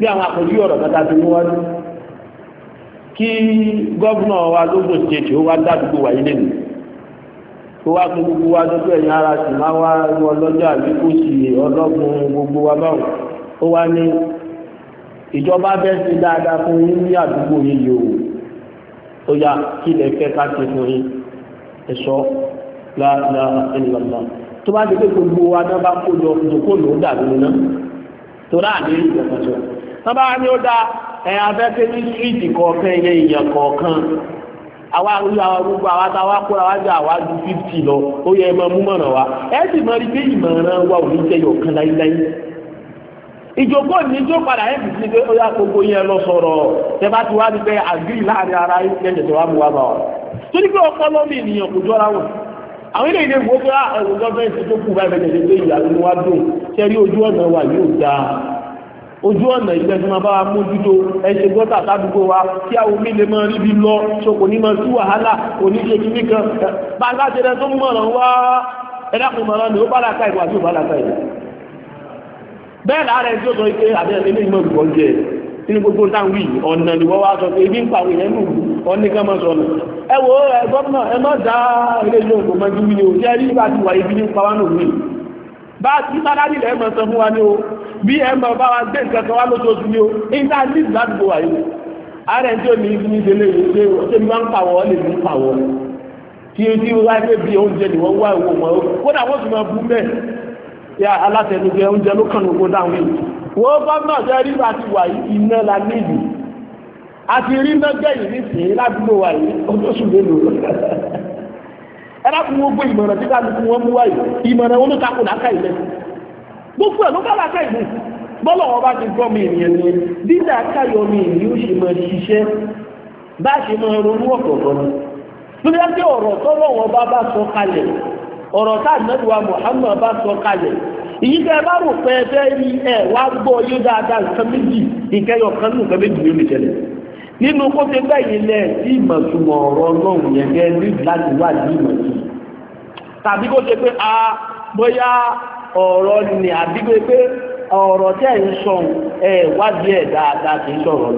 bí àwọn àkójú ọ̀rọ̀ kata ti mú wájú kí gọ́vùnà wa lóògùn ṣèṣe ó wá dádúgbò wáyé lẹ́nu ó wá fún gbogbo wa dọ́tọ̀ ẹ̀yìn ara sì máa wá wọn lọ́jọ́ àbí kó sì ọlọ́gbọ̀n gbogbo wa báwọn ó wá ní ìjọba bẹ́ẹ̀ ṣe dáadáa fún yín ní àdúgbò yín yìí o ó yá kí lè fẹ́ ká ṣe fún yín ẹ̀ṣọ́ láàlá ẹnìlọ́lá tó bá ti pé gbogbo wa náà bá kó lọ ìdókòlò dàbí náà tó ráàlú ìjọba jọ sábà ní ó dá ẹ̀ abẹ́fẹ́ ní síìtì kọ̀ọ̀kan ẹ̀yẹ èèyàn kọ̀ọ̀kan àwa àrùlọ àwọn gbogbo àwa tá a wá kóra wá jẹ àwa ju fífì lọ ó yẹ ẹ mú mọ̀ràn wa ẹ sì máa rí ìmọ̀ràn wa ò ní jẹ yọ̀kan láíláí ìjòkó níjó padà ẹ̀ fi si pé ó yà gbogbo yẹn lọ sọ̀rọ̀ ẹ bá ti wá ní pé àgbìrì láàrin ara yín lẹ́yìn tó wá mú wá bá wa torí pé ọpọlọ mi ènìyàn kò jọra wọn àwọn ilé ìdè wo pé àwọn ah, gọ́ọ̀mẹ̀ntì tó kù báyìí bẹ̀rẹ̀ pé ojú ọ̀nà ìgbẹ́sìmọ̀ bá wa mójútó ẹ̀ṣẹ̀ gọ́tà sádùúgbò wa kí àwọn omi lè máa ríbi lọ so kò ní máa tú wàhálà oníṣe kìíní kan bá a láti rẹ tó ń mọ̀ràn wá ẹ̀dàkùn mọ̀ràn ni ó bá làkà ìwà tí ó bá làkà ìwà. bẹ́ẹ̀ láàárẹ̀ tí ó sọ pé àbẹ̀rẹ̀ ilé ìmọ̀ ìgbọ̀ jẹ nínú gbogbo táwọn wí ọ̀nà ni wọ́n wá sọ pé ebi ń pa àwọn èèyàn nù ọ̀nì kan máa sọ̀nà ẹ wo ẹ gọ́ọ̀nà ẹ má dá ilé ìjọba ìgbọ̀mọ́jú mi ni ò bá ti sáláàdì lẹ́ mọ̀ sọ fún wa ní o bí ẹ mọ̀ bá wa gbé nǹkan kan wá lóṣooṣù ní o nígbà ní ìdádùgbò wà yìí ààrẹ tí ò ní ní ìdílé yìí ṣé ṣé mi máa ń pàwọ́ lè ní pàwọ́ tí o ti wá pé bí oúnjẹ ni wọ́n wá ìwò wọn kódà wọ́n sì máa bú mẹ́ ya alátẹnujẹ oúnjẹ ló kàn lóko dáhùn yìí wọ́n bá náà jẹ́ rí àti wà yìí iná la níbi àti rí náà gbẹ̀yìn nísìnyí ládùúgbò wà yìí ọjọ́ sùn mélòó ẹ̀rọ gbogbo ìmọ̀ràn tí káàdùkú wọn mú wáyé ìmọ̀ràn olùtakùn láká ilẹ̀ gbogbo ẹ̀ ló bá láká ìlú bọ́lọ̀ wọn bá ti gbọ́ mi ènìyàn ni dídá káyọ̀ mi ènìyàn ó ṣe máa ṣiṣẹ́ bá ṣe máa ronú ọ̀tọ̀ọ̀tọ̀ ni ọ̀rọ̀ wọn bá bá sọ kalẹ̀ ọ̀rọ̀ tá bá sọ kalẹ̀ èyí ẹ bá rò pé ẹ fẹ́ rí ẹ wá gbọ́ yóò dáadáa nǹkan méjì nǹkan nínú kó ṣe bẹ́yìn lẹ̀ sí ìmọ̀túmọ̀ ọ̀rọ̀ ọlọ́run yẹn gẹ́ ní láti wà ní tàbí kó pé a bóyá ọ̀rọ̀ ni àbí pé ọ̀rọ̀ tí ẹ̀ ń sọ ẹ̀ wádìí ẹ̀ dáadáa kì í sọ̀rọ̀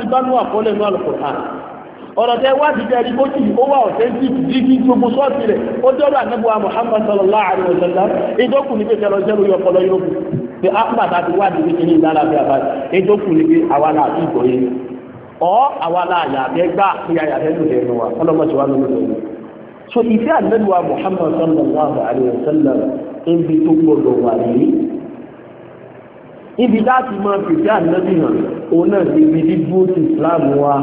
ti bá ní àkọọ́lẹ̀ ní àlùkùránì ọ̀rọ̀ tẹ wádìí tẹ ẹni wà sọ́ọ̀tì rẹ̀ ó dọ́rọ̀ pé ápùpà tá a ti wádìí wípé ní ìlànà bí abáyé ètò kù ni pé àwa náà ti gbọ́ yé ọ àwa náà yàgbẹ́ gbà kí àyàfẹ́ ló dẹnu wa ọlọ́mọ ti wá lórí lórí. so ìfẹ́ àdínẹ́lùwà Muhammad sallallahu alayhi wa sallam ibi tó gbọdọ̀ wà yìí ibi láti máa fìdí àdínẹ́bì hàn òun náà ti fi dídú sí Islam wa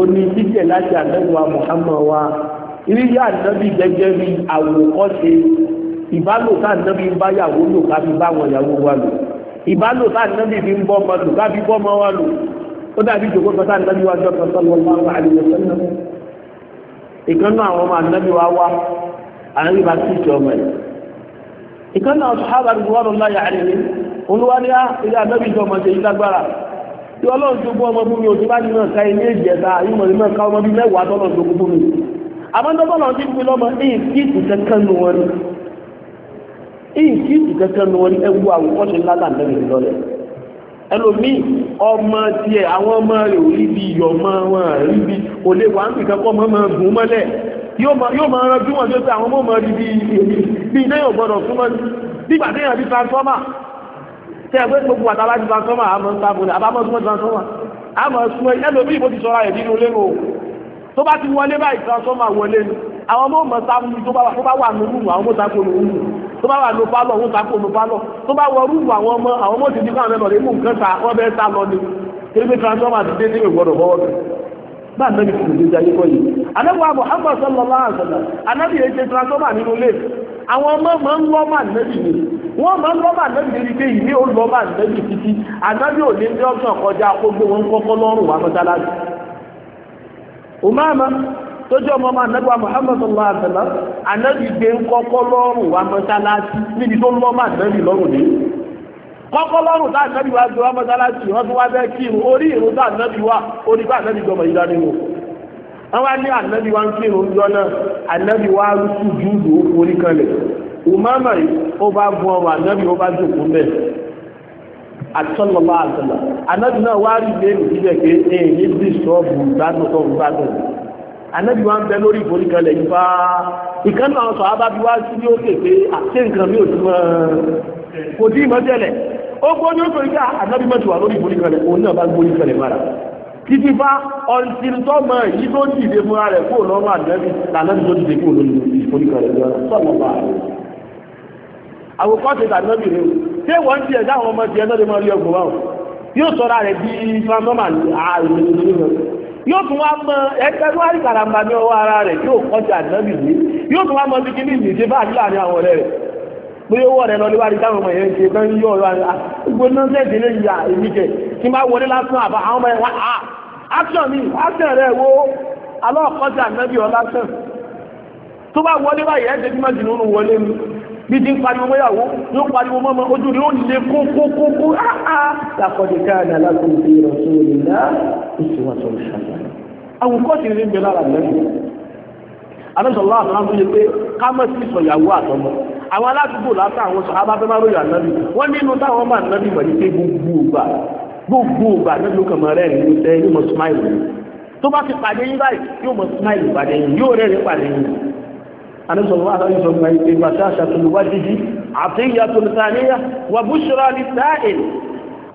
oní títẹ̀ láti àdínẹ́lùwà Muhammad wa ìrírí àdínẹ́bì gẹ́gẹ́ bí àwòkọ́ṣe ìbálò táànábì ń bá yàwó lò ká fi bá wọn yàwó wa lò ìbálò táànábì fi ń bọ́ ọmọ lò ká fi bọ́ ọmọ wa lò ó dàbí ìjòkó kan táànábì wa jọ kan sọ́nà ọmọ àwọn àlejò sọ́nà ìkànnà àwọn ọmọ ànábì wa wá ànábì bá sì jọ ọmọ yìí ìkànnà ọ̀sán hábà ní wọ́n lọ́ọ́ yà àlejò olúwarí á ilé ànábì jọ ọmọ ṣèyí lágbára tí ọlọ́run tó gbọ́ ọmọ ìkí ìkẹ́kẹ́ ní wọn ní ẹgbú àwọn kọ́ṣe lálà mẹ́rin lọ́lẹ̀ ẹlòmíì ọmọ tiẹ̀ àwọn ọmọ rẹ̀ ò ríbi iyọ̀ ọmọ wọn ríbi kò lè wà ń bì kankan ọmọ máa gùn mọ́lẹ̀ yóò máa rán bí wọ́n tó pé àwọn ọmọ rí bí bí ilé yóò gbọ́dọ̀ fún wọn nígbà tí èèyàn bí transformer tẹ́ ẹ pé gbogbo àtàlá ti transformer àmọ́ ń tábùlẹ̀ àbámọ́ súnmọ́ transformer àmọ́ súnmọ́ ẹlòmíì mo ti sọ̀rọ̀ ẹ̀ nínú lẹ́nu o tó bá ti wọlé báyìí transformer wọlé ni àwọn ọmọ ọmọ sáfún tó bá wà nínú àwọn ọmọ sáfún nínú tó bá wà ló pálọ̀ wọ́n ta kó ló pálọ̀ tó bá wọ rúùmù àwọn ọmọ àwọn ọmọ tìjú káwọn mẹ́lọ̀ lémù nǹkan ta wọ́n bẹ́ẹ̀ sá lọ ni eré transformer ti dé níwèé gbọ́dọ̀ bọ́ọ̀ rẹ̀ bá nàbì kò lè jayé kọ́ yìí anábì wa Muhammad sallallahu alaihi wasallam anábì yẹn ṣe transformer nínú ilé àwọn ọmọ máa ń lọ́ mà nàbì ni wọ́n máa ń lọ́ mà nàbì ni pé ìwé ò lọ́ mà nàbì títí anábì ò ní ní ọ̀sán kọjá gbogbo wọn kọ́kọ́ lọ́rùn wa mọ́tálásì. Umama tójú ọmọ ọmọ anabi wa muhammad sallallahu alaihi wa sallam gbé kọ́kọ́ lọ́rùn wa mọ́sálásí níbi tó lọ́ máa anabi lọ́rùn ní. kọ́kọ́ lọ́rùn tá wa gbé wa mọ́sálásí wọ́n tún wá bẹ́ẹ̀ orí tá wa orí bá gbọmọ yìí wò. wọ́n wá ní wa ń náà wa orí umama yìí ó bá ọmọ ó bá àtọ́lọ́lá àtọ́lá náà wá rí ilé ní bí sọ́ọ̀bù gbádùn tó anabi wa ń bẹ lórí ìforí kan lẹ́yìn fa ìkan náà sọ abábí wa sí ní òkè pé àti nǹkan mi ò ti mọ kò tí ì mọ tẹ́lẹ̀ ó gbọ́ ní òkè ká anabi mọ̀ ti wà lórí ìforí kan lẹ̀ òun náà bá gbóyè kan lẹ̀ mara títí fa ọ̀nsìn tọ́mọ yìí tó dìde fún ara rẹ̀ kó lọ́wọ́ àdẹ́bí lànàbí tó dìde kó lórí ìforí kan lẹ̀ sọ́mọ bá rẹ̀ àwòkọ́ ti tàbí rẹ̀ ṣé wọ́n ti ẹ̀ dáhùn ọmọ ti ẹ̀ náà lè máa rí ọgbọ̀n wa yóò sọ yóò tún wá mọ ẹgbẹ́ tó wá rí karamba ní ọwọ́ ara rẹ̀ yóò kọjá ànábì ní yóò tún wá mọ bí kíní ìdíje bá àdúrà ní àwọn ọ̀rẹ́ rẹ̀ pé ó wọ̀ rẹ̀ lọ níwájú táwọn ọmọ yẹn ń ṣe tán yóò rọ àná gbogbo nọ́ọ̀sẹ̀sì lè yà èmi jẹ kí n bá wọlé lásán àbá àwọn ọmọ yẹn wá à action mi action rẹ̀ wo alọ́ kọjá ànábì ọ̀ lásán tó bá wọlé báyìí ẹ̀ bí ti ń pariwo mọ́yàwó ló ń pariwo mọ́mọ́ ojú ni ó lè kó kó kó kó áá lakọ̀dé káàdà lákòókò ìrọ̀sùn òní lana uswatun hasana àwùkọ́ sì ní bẹ lára lẹ́nu alẹ́sọ̀lá àtàlà tó yẹ pé ká mọ̀ sí ìsọ̀yàwó àtọmọ àwọn aládùúgbò látà àwọn sọ abáfẹ́máró yà nábì wọ́n nínú táwọn bá nábì wọ̀nyí pé gbogbo ògbà gbogbo ògbà nílùú kàmọ́ rẹ̀ ní sẹ́ yóò mọ̀ smile tó bá ti pàdé yín báyìí yóò mọ̀ smile pàdé yín yóò rẹ̀rẹ̀ pàdé yín alẹ́sọ̀lá àtàlà sọ ma ìgbà sáà ṣàtúnwájú yìí àti ìyàtọ̀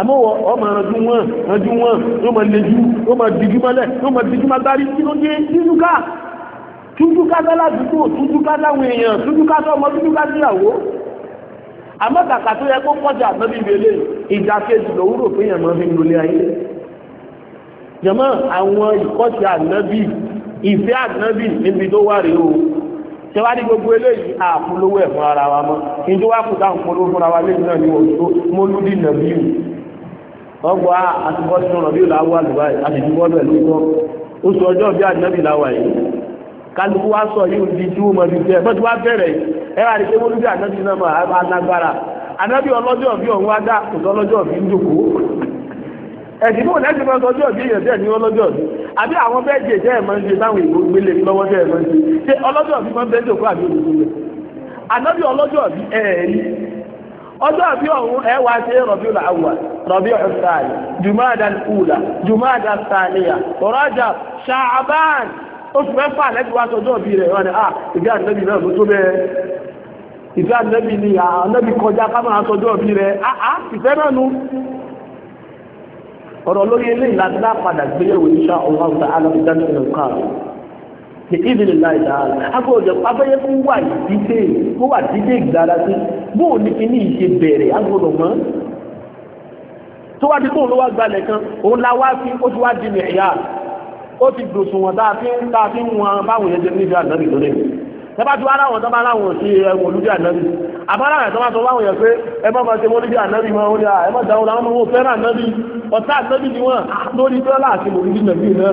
àmọ́ ọmọ ẹranjú wọn ẹranjú wọn ló máa lejú ló máa dijú mọ́lẹ̀ ló máa dijú máa gbárí kí ló dé túdúká túdúká sáládùúgbò túdúká sáwọn èèyàn túdúká sọmọ túdúká síyàwó àmọ́ kàkà tó yẹ kó kọjá àtọ́bí ìbèlè ìjà kejì lòun rò pé èèyàn máa fi ń lulẹ̀ ayé jẹ̀mọ́ àwọn ìkọ́sí ànábì ìfẹ́ ànábì níbi tó wà rèé o tẹwàá ní gbogbo eléyìí àpolówó ẹ̀ fún ara wa mọ́ níjọ́ wá kó dáhùn polówó fúnra wa lẹ́yìn náà ní oṣù mọ́lúdì nàbíyù ọgbọ àtúbọ sínú rọbí ìlà wà lùwà yìí àti ìdúbọ bẹ́ẹ̀ ló kọ oṣù ọjọ́ bí yìí di tí wa bẹ̀rẹ̀ ẹ wà ní sẹwọn níbi àdínábì náà ọlọ́jọ́ bí ọ̀hún dá bí ń dòkó fún fún ọjọ́ bí èèyàn ní ọlọ́jọ́ bí àbí àwọn bẹ́ẹ̀ ṣe táwọn èèyàn lọ́wọ́ ṣe ṣe ọjọ́ àbí ọ̀hún ẹ wá sí rọ̀bí ọ̀la àwùwà rọ̀bí ọ̀sán jùmọ́àdà ùlà jùmọ́àdà sàníyà rọ́jà ṣàbán oṣù mẹ́fà lẹ́bi wá sọjọ́ òbí rẹ̀ wọ́n ni à ah, ìgbé ànábì náà ló tó bẹ́ẹ̀ ìgbé ànábì ni ànábì kọjá ká máa òbí rẹ̀ ìfẹ́ náà nu ọ̀rọ̀ padà ọ̀hún kì í bí nìlá ìdáhàlà agbóhùn abẹ́yẹ kó wà dídé kó wà dídé ìgbára sí bóun ní kíní ìṣe bẹ̀rẹ̀ agbóhùn mọ́ tó wá di tóun ló wá gbalẹ̀ kan òun la wá fi ó ti wá di nìyà ó ti dòsùn wọn tá a fi tá a fi ń wọn báwọn yẹn ti ní ìfẹ́ ànábì lónìí tẹ́bá tí wọ́n aláwọ̀ tó bá aláwọ̀ sí ẹ̀wọ̀n olùdí ànábì àbára rẹ̀ tó bá sọ fáwọn yẹn pé ẹ má máa ṣe mọ́ olùdí ànábì wọn ó ní à ẹ má dáhùn làwọn ọmọ wọn fẹ́ràn ànábì ọ̀tá ànábì ni wọn lórí dọ́là àti mòlúdí nàbí náà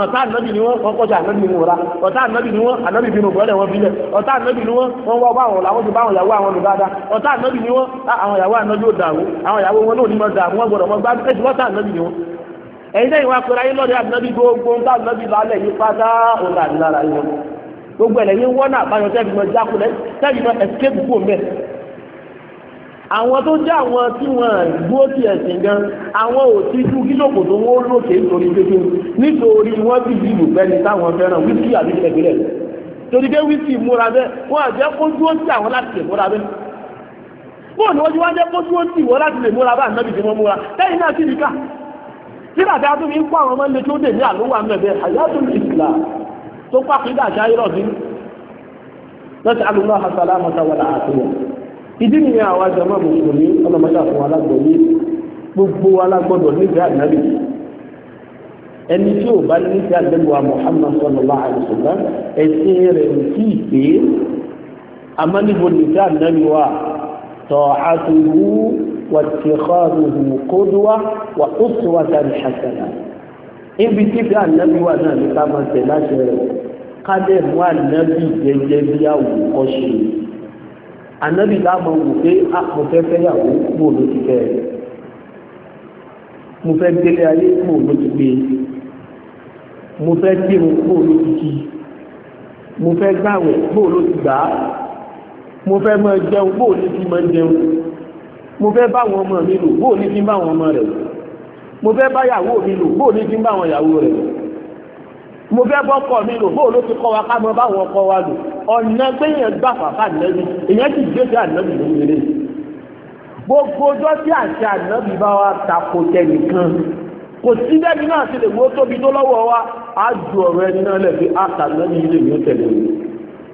ọ̀tá ànábì ni wọ́n wọ́n kọjá ànábì ni wọ́n ra ọ̀tá ànábì ni wọ́n ànábì bínú bọ́lẹ̀ wọn bílẹ̀ ọ̀tá ànábì ni wọ́n wọ́n wá bá àwọn làwọn ti bá àwọn ìyàwó àwọn olùdáadáa ọ̀tá ànábì ni wọ́n àwọn ìyàwó ànábì ò dàrú àwọn ìyàwó wọn náà ní mọ̀ dàrú wọ́n gbọ́dọ̀ wọ́n gbá ẹ̀sìn wọ́n tá ànábì ni wọ́n. ẹ̀yin sẹ́yìn wá pera yín lọ́dẹ ànábì gbogbo ń tá ànábì lálẹ́ yìí pátá òun àdìlára yìí wọn gbogbo ẹ̀lẹ́yìn wọ́n náà báyọ̀ tẹ́ẹ̀bì mọ́ jákulẹ̀ tẹ́ẹ̀bì mọ́ escape kúrò mẹ́ẹ̀ àwọn tó jẹ́ àwọn tí wọ́n dúró ti ẹ̀sìn gan àwọn ò ti dú kílòpò tó wọ́n lòkè nítorí pépé nítorí wọ́n ti dìbò bẹ́ni táwọn fẹ́ràn wíṣí àbí ìṣẹ̀gbẹ́lẹ̀ torí pé wíṣí múra bẹ́ẹ̀ wọ́n àjẹ́ kó dúró sí àwọn láti lè múra bẹ́ẹ̀ bóòlù wọ́n ti wá jẹ́ kó dúró sí ìwọ láti lè múra bá ànábì tí wọ́n múra lẹ́yìn náà sì nìkà nígbà tí a tún fi ń kó àwọn ọmọ ilé tó dè ní ìdí ni àwọn àjọmọ́ mùsùlùmí ọlọ́mọdé àfọwọ́ alágbọ̀nyé gbogbo alágbọ̀dọ̀ nífẹ̀ẹ́ ànábì ẹni tí ò bá nífẹ̀ẹ́ àdébùwà Muhammad sallallahu alaihi wasallam ẹ̀sìn rẹ̀ ń tí ì pé amánibo nífẹ̀ẹ́ ànábì wa ta'atuhu wattikhaduhu qudwa wa uswatan hasana ibi tí fi ànábì wa náà ní ká máa tẹ̀ láṣẹ rẹ̀ ká ànábì láàmú wò pé ah, mo fẹ́ fẹ́yàwó mo ló ti fẹ́ mo fẹ́ gbélé ayé mo ló ti gbé mo fẹ́ kírun mo ló ti kí mo fẹ́ gbàwẹ̀ mo ló ti gbà mo fẹ́ máa jẹun mo ló ti máa jẹun mo fẹ́ báwọn ọmọ mi lò mo ló ti báwọn ọmọ rẹ̀ mo fẹ́ báyàwó mi lò mo ló ti báwọn ìyàwó rẹ̀ mo fẹ́ bọ́kọ̀ mi lò bóò ló ti kọ́ wa ká mọ báwọn ọkọ wa lò ọ̀nà gbẹ̀yìn gbà fàfà nẹ́bí èèyàn ti gbé sí ànábì lórí eré gbogbo ọjọ́ tí àṣẹ ànábì bá wa tako tẹnìkan kò sí bẹ́ẹ̀ni náà ti lè mú tóbi tó lọ́wọ́ wa á ju ọ̀rọ̀ ẹni náà lẹ̀ fi àṣà ànábì ilé mi ó tẹ̀lé o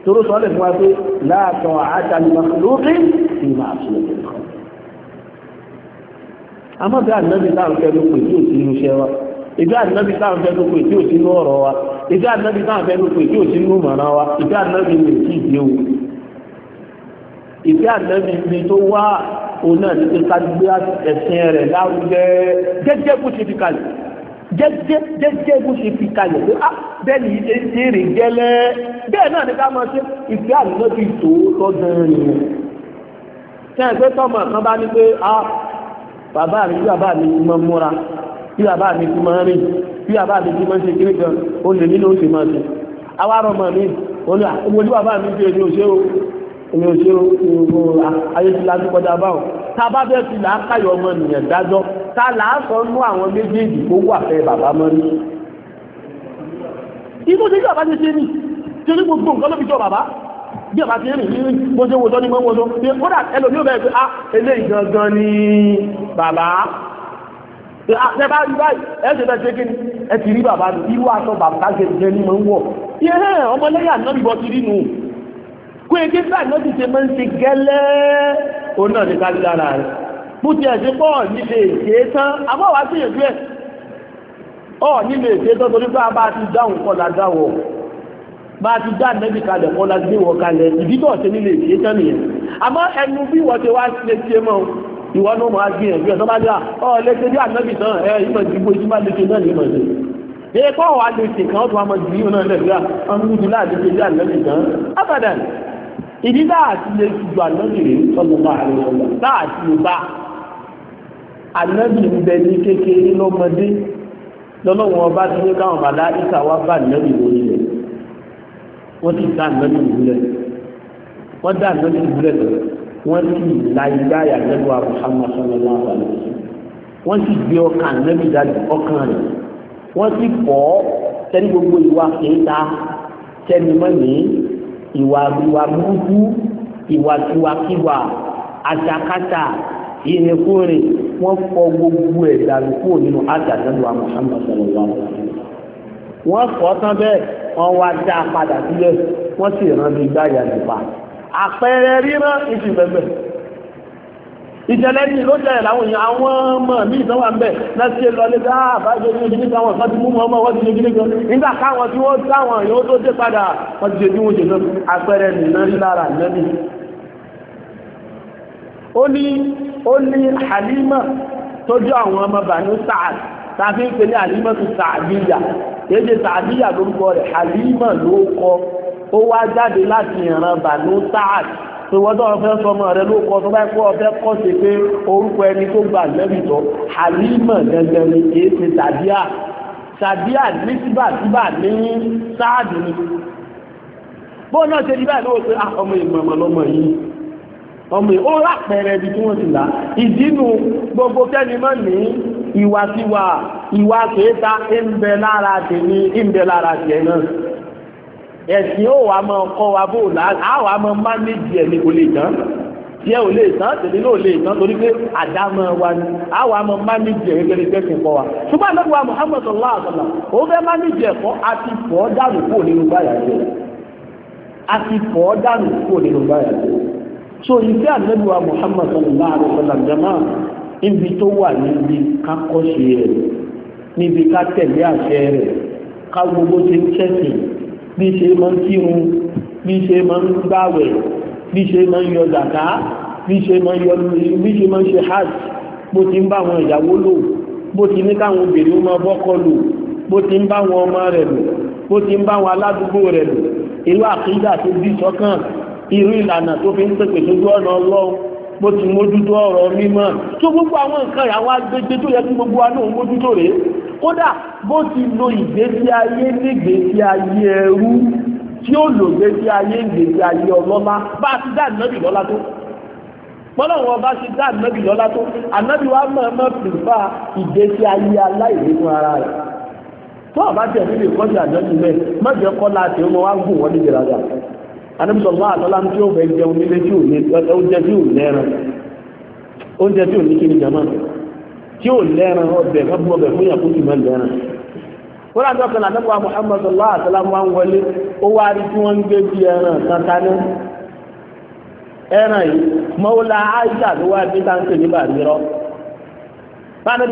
toro sọ lè fún wa pé láàtọ̀ àṣà ni màá lórí ti máa ṣe lè kọ́ àmọ́ bí ànábì náà ló pè tí ò ìjọ ànábì táwọn fẹ́ lóko ètí òsínú ọ̀rọ̀ wa ìjọ ànábì táwọn fẹ́ lóko ètí òsínú mọ̀nà wa ìjọ ànábì lè kí ìdí o ìjọ ànábì mi tó wá òun náà ti ká gbé ẹ̀sìn rẹ̀ lárugẹ gẹ́gẹ́ bó ṣe fi kalẹ̀ gẹ́gẹ́ gẹ́gẹ́ bó ṣe fi kalẹ̀ pé ah bẹ́ẹ̀ ni ìṣe ṣe rè gẹ́lẹ́ bẹ́ẹ̀ náà ni ká máa ṣe ìfẹ́ ànábì tó lọ́dọ̀ nìyẹn sẹ́yìn pé tọ́mọ̀ kan bá ní pé ah bàbá mi bàbá mi mọ́ múra bí bàbá mi ti máa rìn bí bàbá mi ti máa ṣe kéré kan ó lè nínú oṣù máa ṣe àwa rọ ọmọ mi ó ní àwọn ojú bàbá mi ti èmi ò ṣe o èmi ò ṣe o ayé ti lajú kọjá báwọn tá a bá fẹ́ fi làákàyọ̀ ọmọ nìyẹn dájọ́ tá a làásọ nú àwọn méjèèjì tó wà fẹ́ bàbá mọ́ rí. ibú ti bàbá ti ṣe ni ṣe ní gbogbo nǹkan ló fi jọ bàbá bí ọba ti rìn ní bóṣe wòṣọ ní mọ́ wòṣọ kódà àtẹ̀bá ah, rí báyìí ẹ̀ṣẹ̀ bẹ́ẹ̀ ṣe kíni ẹ ti rí bàbá mi irú aṣọ bàbá gẹ̀gẹ̀ ni mo ń wọ̀ yẹ́n ọmọlẹ́yìn ànábìbọ̀ ti rí nù kó e ké sáà náà ti ṣe máa ń ṣe gẹ́lẹ́ òun náà ní ká rí lára rẹ̀ mo ti ẹ̀ṣẹ̀ pọ̀ nílé èké tán àmọ́ wàá ṣèyànjú ẹ̀ ọ̀ nílé èké tán torí pé a bá ti dáhùn kọ́ la dáwọ̀ bá a ti dá nẹ́bí kalẹ̀ kọ́ la gbé wọ kalẹ̀ ìdí ìwọ ní ọmọ agbìyànjú ẹ̀ tó bá dé à ọ lẹ́sẹ̀ bí ànábì náà ẹ ìmọ̀ ìdìbò ìdìbò àlejò náà ní ìmọ̀ ìdìbò èyí kọ́ wà lẹ́sẹ̀ kan ó tún àmọ́ ìdìbò yìí náà lẹ́sẹ̀ àwọn ìdìbò àlejò bí ànábì náà abàdàn ìdí náà ti lè ju ànábì rè sọ́dọ̀ bá àrẹ ọ̀gá náà ti lè bá ànábì ń bẹ ní kékeré lọ́mọdé lọ́lọ́wọ́n ọba ti ní káwọn bàdá ìta wá bá ànábì lórí rẹ̀ wọ́n ti dá ànábì ìbúlẹ̀ wọ́n dá ànábì ìbúlẹ̀ lọ́wọ́ wọ́n sì la igbá ìyàgbẹ́gbọ́ Muhammad sallallahu alaihi wasallam wọ́n sì gbé ọkàn nẹ́bí dájú ọkàn rẹ̀ wọ́n sì pọ̀ tẹ́ni gbogbo ìwà kéta tẹ́ni mọ́ni ìwà ìwà burúkú ìwà tiwakiwa àṣàkáṣà ìrìnkúrè wọ́n fọ gbogbo ẹ̀ dànù kúrò nínú àjàdẹ́gbọ́ Muhammad sallallahu alaihi wasallam wọ́n fọ́ tán bẹ́ẹ̀ wọ́n wá dá a padà sílẹ̀ wọ́n sì rán mi gbá ìyàgbẹ́ àpẹẹrẹ ríran ìsìn bẹ̀bẹ̀ ìṣẹ̀lẹ̀ yìí ló jẹ́ ìlàwọ̀ yìí àwọn ọmọ mi ìsanwó àmbẹ̀ lẹ́sí ẹ̀ lọlé bá àbájọ ní ojúlé káwọn kan ti mú mọ́ ọmọ wọ́n ti ojúlé kan nígbà káwọn tí wọ́n táwọn yóò tó dé padà wọ́n ti ṣe bí wọ́n ṣe lọ àpẹẹrẹ nìyẹn lára nẹ́bí. ó ní ó ní Halima tó jọ àwọn ọmọ bàánú sáà tàbí ń pè ní Halima tó sàbíyà èdè sàbíyà lórúkọ rẹ̀ Halima ló kọ́ ó wá jáde láti ìran bànú táàt pé wọ́n náà fẹ́ sọmọ rẹ ló kọ tó bá kó ọfẹ́ kọ́ sí pé orúkọ ẹni tó gbà lẹ́bi tọ́ Halima gẹ́gẹ́ ni kìí ṣe sàbíà sàbíà ní tìbàtìbà ní sáàdì ni bó náà ṣe di báyìí ló pé ah, ọmọ ìmọ̀mọ̀ lọmọ yìí ọmọ yìí ó lápẹẹrẹ ibi tí wọ́n ti là ìdínú gbogbo kẹ́ni mọ́ ní ìwàkiwà ìwà kẹta ń bẹ lára tèmi ń bẹ lára tèmi náà. ẹ̀sìn ó wàá mọ ọkọ wa bó la á wàá máa má méjì ẹ̀ ní kò lè tán tí ẹ ò lè tán tèmi náà ò lè tán torí pé àdámọ́ wa ni wàá má méjì ẹ̀ kọ́ wa ṣùgbọ́n àlọ́ wa a ti fọ́ dànù kúrò nínú báyà jẹ́ a ti dànù kúrò so ìfẹ́ àlọ́ wa jama tó wà níbi kakọ́ṣe rẹ̀ níbi àṣẹ rẹ̀ ká gbogbo bí ṣe máa ń kírun bí ṣe máa ń gbàwẹ̀ bí ṣe máa ń yọ zàká bí ṣe máa ń yọ bí ṣe máa ń ṣe hajj bó ti ń bá àwọn ìyàwó lò bó ti ní káwọn obìnrin máa bọ́kọ lò bó ti ń bá àwọn ọmọ rẹ̀ lò bó ti ń bá àwọn aládùúgbò rẹ̀ lò irú àkídà tó bí sọ́kàn irú ìlànà tó fi ń pèpè sójú ọ̀nà ọlọ́run bó ti mójútó ọ̀rọ̀ mímọ́ tó gbogbo àwọn nǹkan àwọn agbègbè tó yẹ kí gbogbo wa náà mójútó rèé kódà bó ti lo ìgbésí ayé nígbésí ayé ẹrú tí ó lò ìgbésí ayé ìgbésí ayé ọlọ́lá bá a ti dá ìnábì lọ́lá tó pọ́lọ́wọ́ bá ti dá ànábì lọ́lá tó ànábì wa máa máa pèfà ìgbésí ayé aláìní fún ara rẹ̀ tó àbá tẹ̀ níbi ìkọ́jú àjọyìn mẹ́ mọ́jọ kọ́lá àti ọmọ wa gùn wọ́n níbi rárá ànábì sọ̀rọ̀ àtọ́lá tí ó fẹ́ jẹun nílé tí ò ní oúnjẹ oúnjẹ tí ò ní kí ni jàmáà tí ó lẹ́ran ọbẹ̀ mọ́bù ọbẹ̀ fún yàtọ̀ ìmọ̀ lẹ́ran. kóra ní ọ̀kan àdàbọ̀ Muhammad sallallahu alaihi wa ń wọlé ó wá rí tí wọ́n ń gbé bí ẹran kankan ní. ẹran yìí mọ́wúlá Aisha ló wá táǹkì nígbà mìíràn.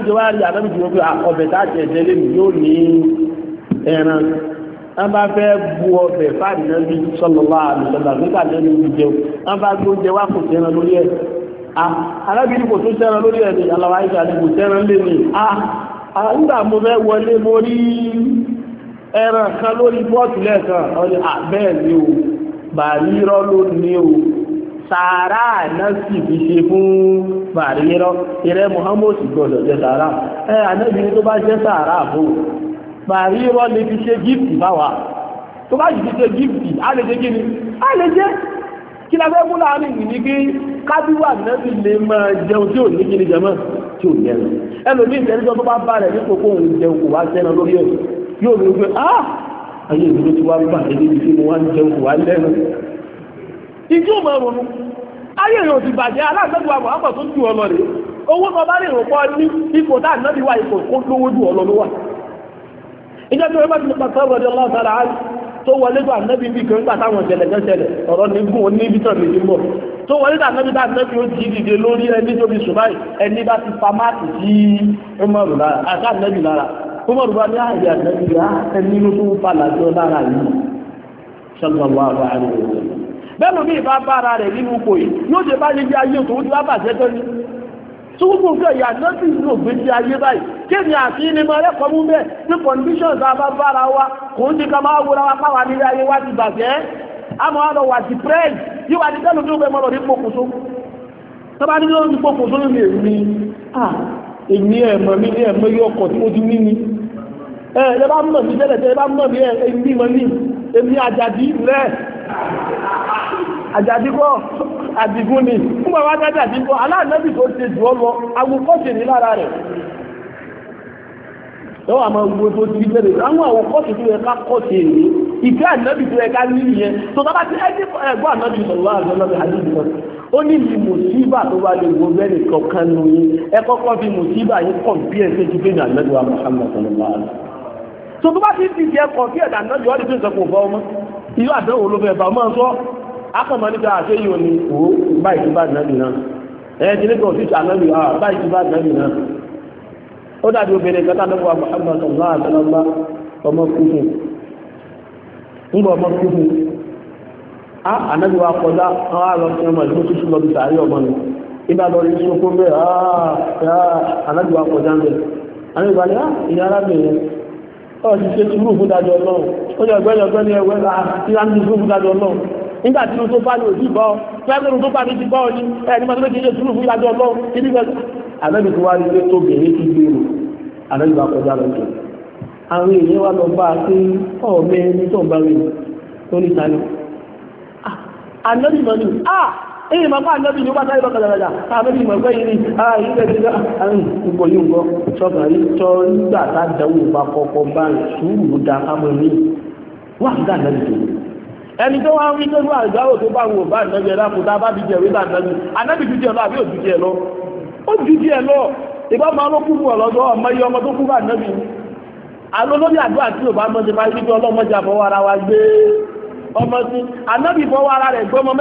rí wọ́n fi ọbẹ̀ tá a jẹ ẹ̀jẹ̀ lẹ́nu yóò ní ẹran. an bá fẹ́ bu ọbẹ̀ fáàdì náà bí arábìnrin ah, kò tó sẹ́ran lórí ẹ̀ ní aláwa ìṣà ni kò sẹ́ran lé ní a ah, ah, nígbà mo fẹ́ wọlé mo rí ẹran kan lórí bọ́ọ̀tù lẹ́ẹ̀kan ọ̀rẹ́ àbẹ́ẹ̀ ni o bàrírọ́ ló ní o sàárà náà sì fi ṣe fún bàrírọ́ ìrẹ́ muhammadu gbọ́dọ̀ jẹ sàárà ẹ eh, anábìnrin tó bá jẹ́ sàárà fún bàrírọ́ lè fi ṣe gíftì báwa tó bá sì fi ṣe gíftì á lè ṣe kí á lè jẹ́ kí la fẹ́ mú láàrin ìní kí kábíwá nẹ́bí lè máa jẹun tí ò ní kíni jẹmọ́ tí ò ní ẹnu ẹlòmíì ìtẹ́lẹ́jọ́ tó bá bá rẹ̀ òun jẹun kò wá sẹ́nu lórí ẹ̀ yóò rí pé ah! ayé ìdúró ti wá bà níbi tí mo wá ń jẹun kò wá lẹ́nu. ìjú ò máa ronú ayé ti bàjẹ́ aláàbẹ̀wò àwọn àpọ̀ tó ju ọ owó tó bá lè rò tó wọlé tó ànábì bí kan gbà táwọn jẹlẹjẹ jẹlẹ ọ̀rọ̀ ní gùn ó ní ibi tàn méjì mọ̀ tó wọlé tó ànábì tó ànábì ó ti dìde lórí ẹni tó fi sùn báyìí ẹni bá ti fa máàkì sí Umaru lára àti ànábì lára Umaru bá ní àyè ah, ànábì rà ah, ẹni ló tó fa làjọ lára yìí sallallahu alaihi bẹ́ẹ̀ ló bí bára rẹ̀ nínú kò yóò ṣe bá yẹ tí gbogbo nǹkan ìyá nọ́ọ̀sì ní ògbésí ayé báyìí kéèmì àti ìnimọ̀ ẹlẹ́kọ̀ọ́ mú bẹ́ẹ̀ ní conditions abá bára wa kò ń ti ká máa wúra wa káwa nílé ayé wa ti bàjẹ́ àmọ́ wa lọ wà sí press yóò wà ní sẹ́nu tó fẹ́ mọ́ lọ ní pokùnso tọ́ba ní ló ní pokùnso ní èmi èmi ẹ̀mọ́ mi ní ẹ̀mọ́ yóò kọ̀ tí mo ti ní ni ẹ̀ ẹ bá mọ̀ mi tẹ́lẹ̀ tẹ́lẹ̀ bá mọ̀ mi ẹ̀ èmi mọ̀ mi èmi àjàdí àjàdíkọ́ àdìgún ni fún bàbá dájà àdìgún aláàdẹ́bì tó ṣe jù ọ lọ awokọ́ṣe ní lára rẹ̀ lọ́wọ́ àmọ́ gbogbo tó ti bẹ̀rẹ̀ àwọn awokọ́ṣe tó yẹ ká kọ́ṣe èyí ìfẹ́ ànábì tó yẹ ká ní ìyẹn tó bá bá ti ẹgbẹ́ ànábì sọ̀rọ̀ àjọlọ́bì àdìgún ó ní ibi mùsíbà tó bá lè wo bẹ́ẹ̀ kankan nù yín ẹ kọ́kọ́ fi mùsíbà yín kàn bí ẹ ṣe ti gbé ní ànábì wa Muhammad sallallahu alaihi wasallam tó tó bá ti di ìdí ẹ kàn bí ẹ dànù náà yọ ọ́ ní fi ń sọ kò bọ́ ọmọ irú àdánwò ló fẹ́ bá ọmọ sọ akọ̀mọ́ níta àṣẹ yìí ò ní wò ó báyìí tó bá nàbì náà ẹ̀ ẹ́ jìnnìkan òtítù ànábì ah báyìí tó bá nàbì náà ó dàbí obìnrin kan tánàbọ̀ àgbàsọ̀lá àtàlágbá ọmọ kúfù ńgbà ọmọ kúfù á ànábì wa kọjá àwọn àlọ́sí ọmọ ìlú tuntun lọ́bi sàárẹ̀ ọmọ mi ibà lọ rí sókó bẹ́ẹ̀ ah, ànábì wa kọjá ń bẹ̀ ànábì wa ní ah, ìyá arábìnrin ọ̀ ti ṣe sùúrù fún dájọ́ náà ó yẹ ọgbẹ́ni ọgbẹ́ni ẹ̀wẹ́ nígbà tí irun tó bá lò sí bọ́ pẹ́ẹ́pẹ́ irun tó bá mi ti bọ́ ni ẹni máa tó ti ṣe sùúrù fún ìyàjọ ọlọ́run ibi bẹ́ẹ̀. àlejò tó wá rí pé tóbi èyí ti gbé rò àlejò bá kọjá lọ sí. àwọn èèyàn wá lọ bá a pé ọ̀ọ́mọ ẹni tó ń bá rè tó ní sani. Ah, ànábì mọ̀ ni ah, èyí máa bá ànábì ní wáṣáyé lọ kàdàkàdà ah, ànábì mọ̀ pé yìí ààyè ilẹ̀ ti dáhùn nǹkan yìí nǹkan sọkàrí tọ́ nígbà tá a dáwọ́ bá kọ́kọ́ bá sùúrù dá kámọ́ ní wàhálà ànábì tó ní. ẹni tó wá ń rí lórí àgbáwò tó bá wò bá ìnáwó ẹ̀dá kò a bá fi jẹ̀wé bá ìnáwó ànábì ju díẹ̀ lọ àbí òjú díẹ̀ lọ ó díẹ̀ lọ ìbá máa ló kú fún ọ̀lọ́dọ̀ ọmọ iye ọmọ tó kú bá ìnáwó àlọ́ lórí àdúrà tí òbá mọ́ ṣe máa rí bí ọlọ́mọdé àfọwọ́ ara wa gbé ọmọ sí ànábì fọwọ́ ara rẹ̀ gbọ́mọ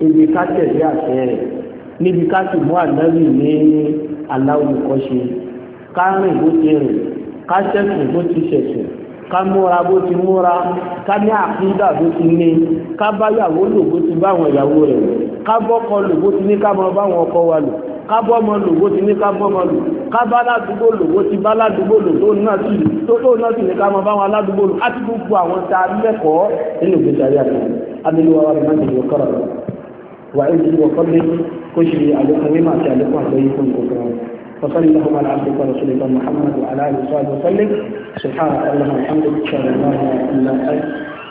ibi ká tẹ̀lé àṣẹ rẹ̀ níbi ká sì mú ànábì ní aláwòkọ́ ṣe ká rìn bó ti rìn ká ṣẹ̀sìn bó ti ṣẹ̀sìn ká múra bó ti múra ká ní àkídà bó ti ní ká báyàwó lò bó ti báwọn ìyàwó rẹ̀ ká bọ́kọ lò bó ti ní ká báwọn ọkọ wa lò ká bọ́mọ lò bó ti ní ká bọ́mọ lò ká bá ládùúgbò lò bó ti bá a lẹ́kọ̀ọ́ وعزه وفضله كشري على ما تعلقون عليكم بكرا فصل اللهم على عبدك ورسولك محمد وعلى اله وصحبه وسلم سبحانك اللهم وبحمدك اشهد ان لا اله الا انت